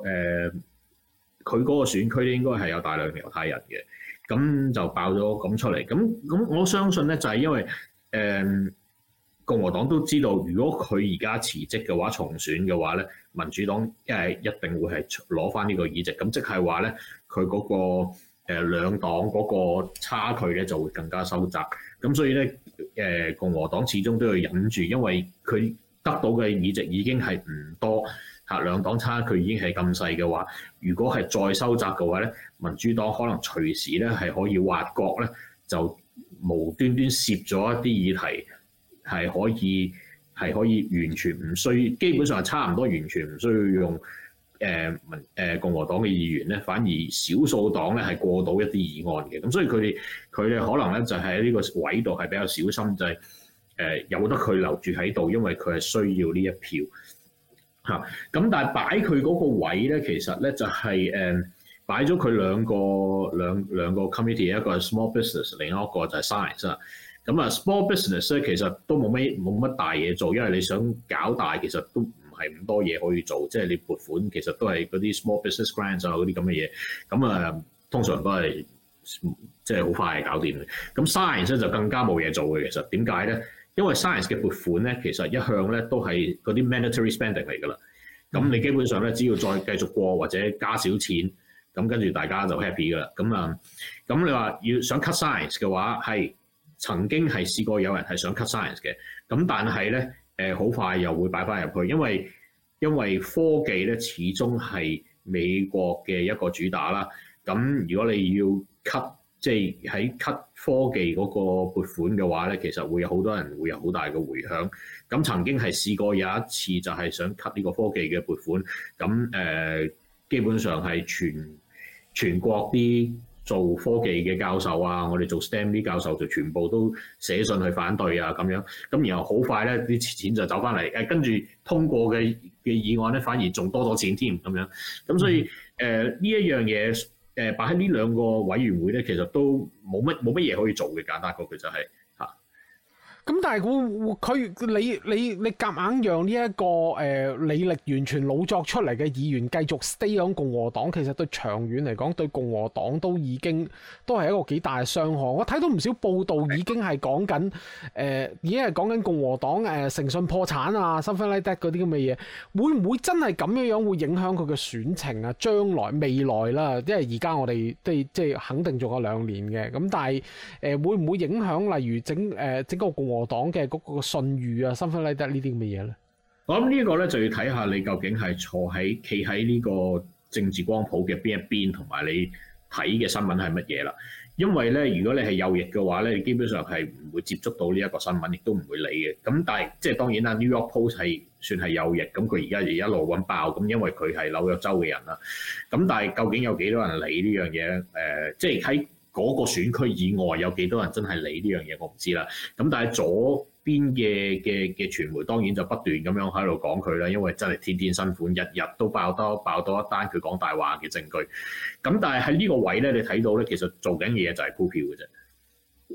[SPEAKER 2] 呃、佢嗰個選區咧應該係有大量猶太人嘅，咁就爆咗咁出嚟。咁咁我相信咧就係因為、呃、共和黨都知道，如果佢而家辭職嘅話，重選嘅話咧，民主黨一係一定會係攞翻呢個議席。咁即係話咧，佢嗰個、呃、兩黨嗰個差距咧就會更加收窄。咁所以咧、呃、共和黨始終都要忍住，因為佢得到嘅議席已經係唔多，嚇兩黨差距已經係咁細嘅話，如果係再收窄嘅話咧，民主黨可能隨時咧係可以挖角咧，就無端端攝咗一啲議題，係可以係可以完全唔需要，基本上係差唔多完全唔需要用誒民誒共和黨嘅議員咧，反而少數黨咧係過到一啲議案嘅，咁所以佢哋佢哋可能咧就喺呢個位度係比較小心，就係、係。誒有得佢留住喺度，因為佢係需要呢一票嚇。咁但係擺佢嗰個位咧，其實咧就係誒擺咗佢兩個兩兩個 committee，一個係 small business，另一個就係 science 啦。咁啊，small business 咧其實都冇咩冇乜大嘢做，因為你想搞大其實都唔係咁多嘢可以做，即係你撥款其實都係嗰啲 small business grants 啊嗰啲咁嘅嘢。咁啊，通常都係即係好快搞掂嘅。咁 science 就更加冇嘢做嘅，其實點解咧？因為 science 嘅撥款咧，其實一向咧都係嗰啲 mandatory spending 嚟㗎啦。咁你基本上咧，只要再繼續過或者加少錢，咁跟住大家就 happy 㗎啦。咁啊，咁你話要想 cut science 嘅話，係曾經係試過有人係想 cut science 嘅。咁但係咧，誒好快又會擺翻入去，因為因為科技咧始終係美國嘅一個主打啦。咁如果你要 cut，即係喺 cut。科技嗰個撥款嘅話咧，其實會有好多人會有好大嘅迴響。咁曾經係試過有一次就係想 cut 呢個科技嘅撥款，咁誒、呃、基本上係全全國啲做科技嘅教授啊，我哋做 STEM 啲教授就全部都寫信去反對啊咁樣。咁然後好快咧啲錢就走翻嚟，誒跟住通過嘅嘅議案咧反而仲多咗錢添咁樣。咁所以誒呢、嗯呃、一樣嘢。誒擺喺呢兩個委員會咧，其實都冇乜冇乜嘢可以做嘅，簡單講其實係。
[SPEAKER 1] 咁但係佢佢你你你夾硬讓呢、這、一個誒李力完全老作出嚟嘅議員繼續 stay 喺共和黨，其實對長遠嚟講，對共和黨都已經都係一個幾大嘅傷害。我睇到唔少報道，已經係講緊誒已經係講緊共和黨誒誠信破產啊、身份 f t l a 嗰啲咁嘅嘢。會唔會真係咁樣樣會影響佢嘅選情啊？將來未來啦，因為而家我哋即係即係肯定做有兩年嘅。咁但係誒、呃，會唔會影響例如整誒、呃，整個共和。和黨嘅嗰個信譽啊、身份立得呢啲咁嘅嘢咧，
[SPEAKER 2] 我諗呢個咧就要睇下你究竟係坐喺、企喺呢個政治光譜嘅邊一邊，同埋你睇嘅新聞係乜嘢啦。因為咧，如果你係右翼嘅話咧，你基本上係唔會接觸到呢一個新聞，亦都唔會理嘅。咁但係即係當然啦，啊《New York Post》係算係右翼，咁佢而家而一路揾爆，咁因為佢係紐約州嘅人啦。咁但係究竟有幾多人理呢樣嘢咧？誒、呃，即係喺。嗰、那個選區以外有幾多人真係理呢樣嘢？我唔知啦。咁但係左邊嘅嘅嘅傳媒當然就不斷咁樣喺度講佢啦，因為真係天天新款，日日都爆多爆多一單佢講大話嘅證據。咁但係喺呢個位咧，你睇到咧，其實做緊嘅嘢就係沽票嘅啫，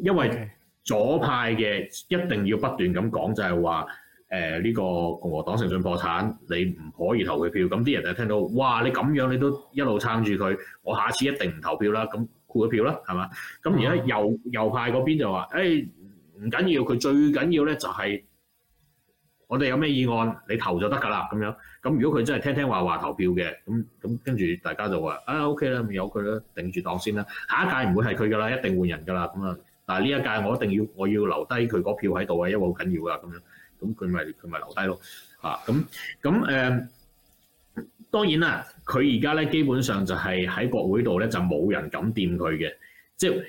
[SPEAKER 2] 因為左派嘅一定要不斷咁講，就係話誒呢個共和黨誠信破產，你唔可以投佢票。咁啲人就聽到哇，你咁樣你都一路撐住佢，我下次一定唔投票啦。咁嘅票啦，係嘛？咁而家右右派嗰邊就話：，誒唔緊要，佢最緊要咧就係我哋有咩議案，你投就得㗎啦。咁樣，咁如果佢真係聽聽話話投票嘅，咁咁跟住大家就話：，啊 OK 啦，有佢啦，頂住檔先啦。下一屆唔會係佢㗎啦，一定換人㗎啦。咁啊，但係呢一屆我一定要我要留低佢個票喺度啊，因為好緊要啊。咁樣，咁佢咪佢咪留低咯。咁、呃、咁當然啦，佢而家咧基本上就係喺國會度咧就冇人敢掂佢嘅，即係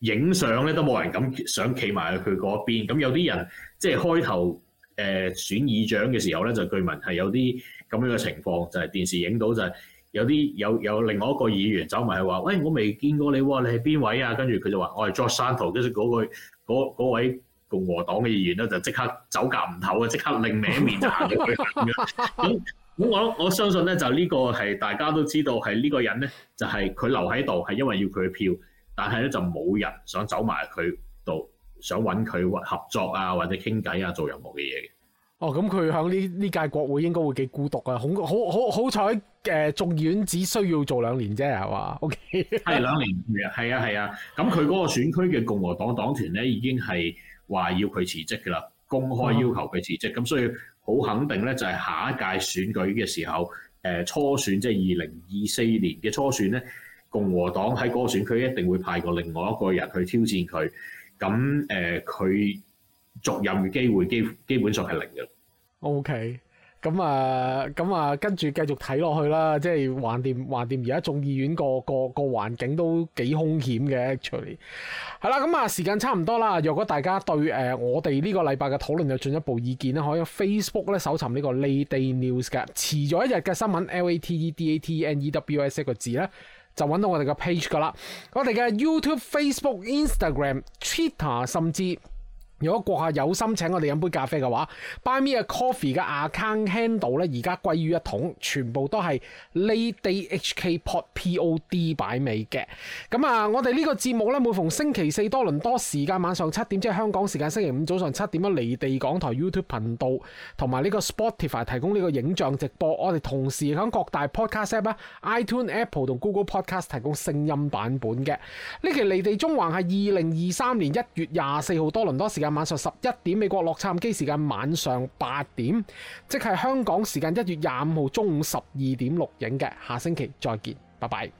[SPEAKER 2] 影相咧都冇人敢想企埋去佢嗰邊。咁有啲人即係開頭誒、呃、選議長嘅時候咧，就據聞係有啲咁樣嘅情況，就係、是、電視影到就係有啲有有另外一個議員走埋去話：，喂、哎，我未見過你喎，你係邊位啊？跟住佢就話：我係 George Santos，跟住嗰個嗰嗰位共和黨嘅議員咧，就即刻走夾唔唞啊！即刻另名面就行咗去咁 咁我我相信咧，就呢個係大家都知道，係呢個人咧，就係佢留喺度係因為要佢嘅票，但係咧就冇人想走埋佢度，想揾佢或合作啊，或者傾偈啊，
[SPEAKER 1] 做任何嘅嘢嘅。哦，咁佢喺呢呢屆國會應該會幾孤獨啊！好，好好好彩，誒，呃、眾院只需要做兩年啫，係嘛？O K。係、okay. 兩
[SPEAKER 2] 年，係啊，係啊。咁佢嗰個選區嘅共和黨黨團咧，已經係話要佢辭職㗎喇，公開要求佢辭職。咁、嗯、所以。好肯定咧，就係下一屆選舉嘅時候，誒，初選即係二零二四年嘅初選咧，共和黨喺個選區一定會派過另外一個人去挑戰佢。咁誒，佢、呃、續任嘅機會基基本上係零嘅。
[SPEAKER 1] OK。咁、嗯、啊，咁、嗯、啊，跟、嗯、住繼續睇落去啦，即係橫掂橫掂，而家眾議院個個個環境都幾兇險嘅，actually。係啦，咁啊、嗯，時間差唔多啦。若果大家對誒、呃、我哋呢個禮拜嘅討論有進一步意見咧，可以 Facebook 咧搜尋呢個 Late Date News 㗎。遲咗一日嘅新聞 late d a t n e w s 一個字咧，就搵到我哋個 page 噶啦。我哋嘅 YouTube、Facebook、Instagram、Twitter，甚至。如果閣下有心請我哋飲杯咖啡嘅話，Buy Me A Coffee 嘅 account handle 咧，而家歸於一統，全部都係 LateDateHKPod 擺尾嘅。咁啊，我哋呢個節目咧，每逢星期四多倫多時間晚上七點，即係香港時間星期五早上七點，喺離地港台 YouTube 頻道同埋呢個 Spotify 提供呢個影像直播。我哋同時喺各大 Podcast app 啊，iTune、Apple 同 Google Podcast 提供聲音版本嘅。呢期離地中環係二零二三年一月廿四號多倫多時間，晚上十一點，美國洛杉磯時間晚上八點，即係香港時間一月廿五號中午十二點錄影嘅，下星期再見，拜拜。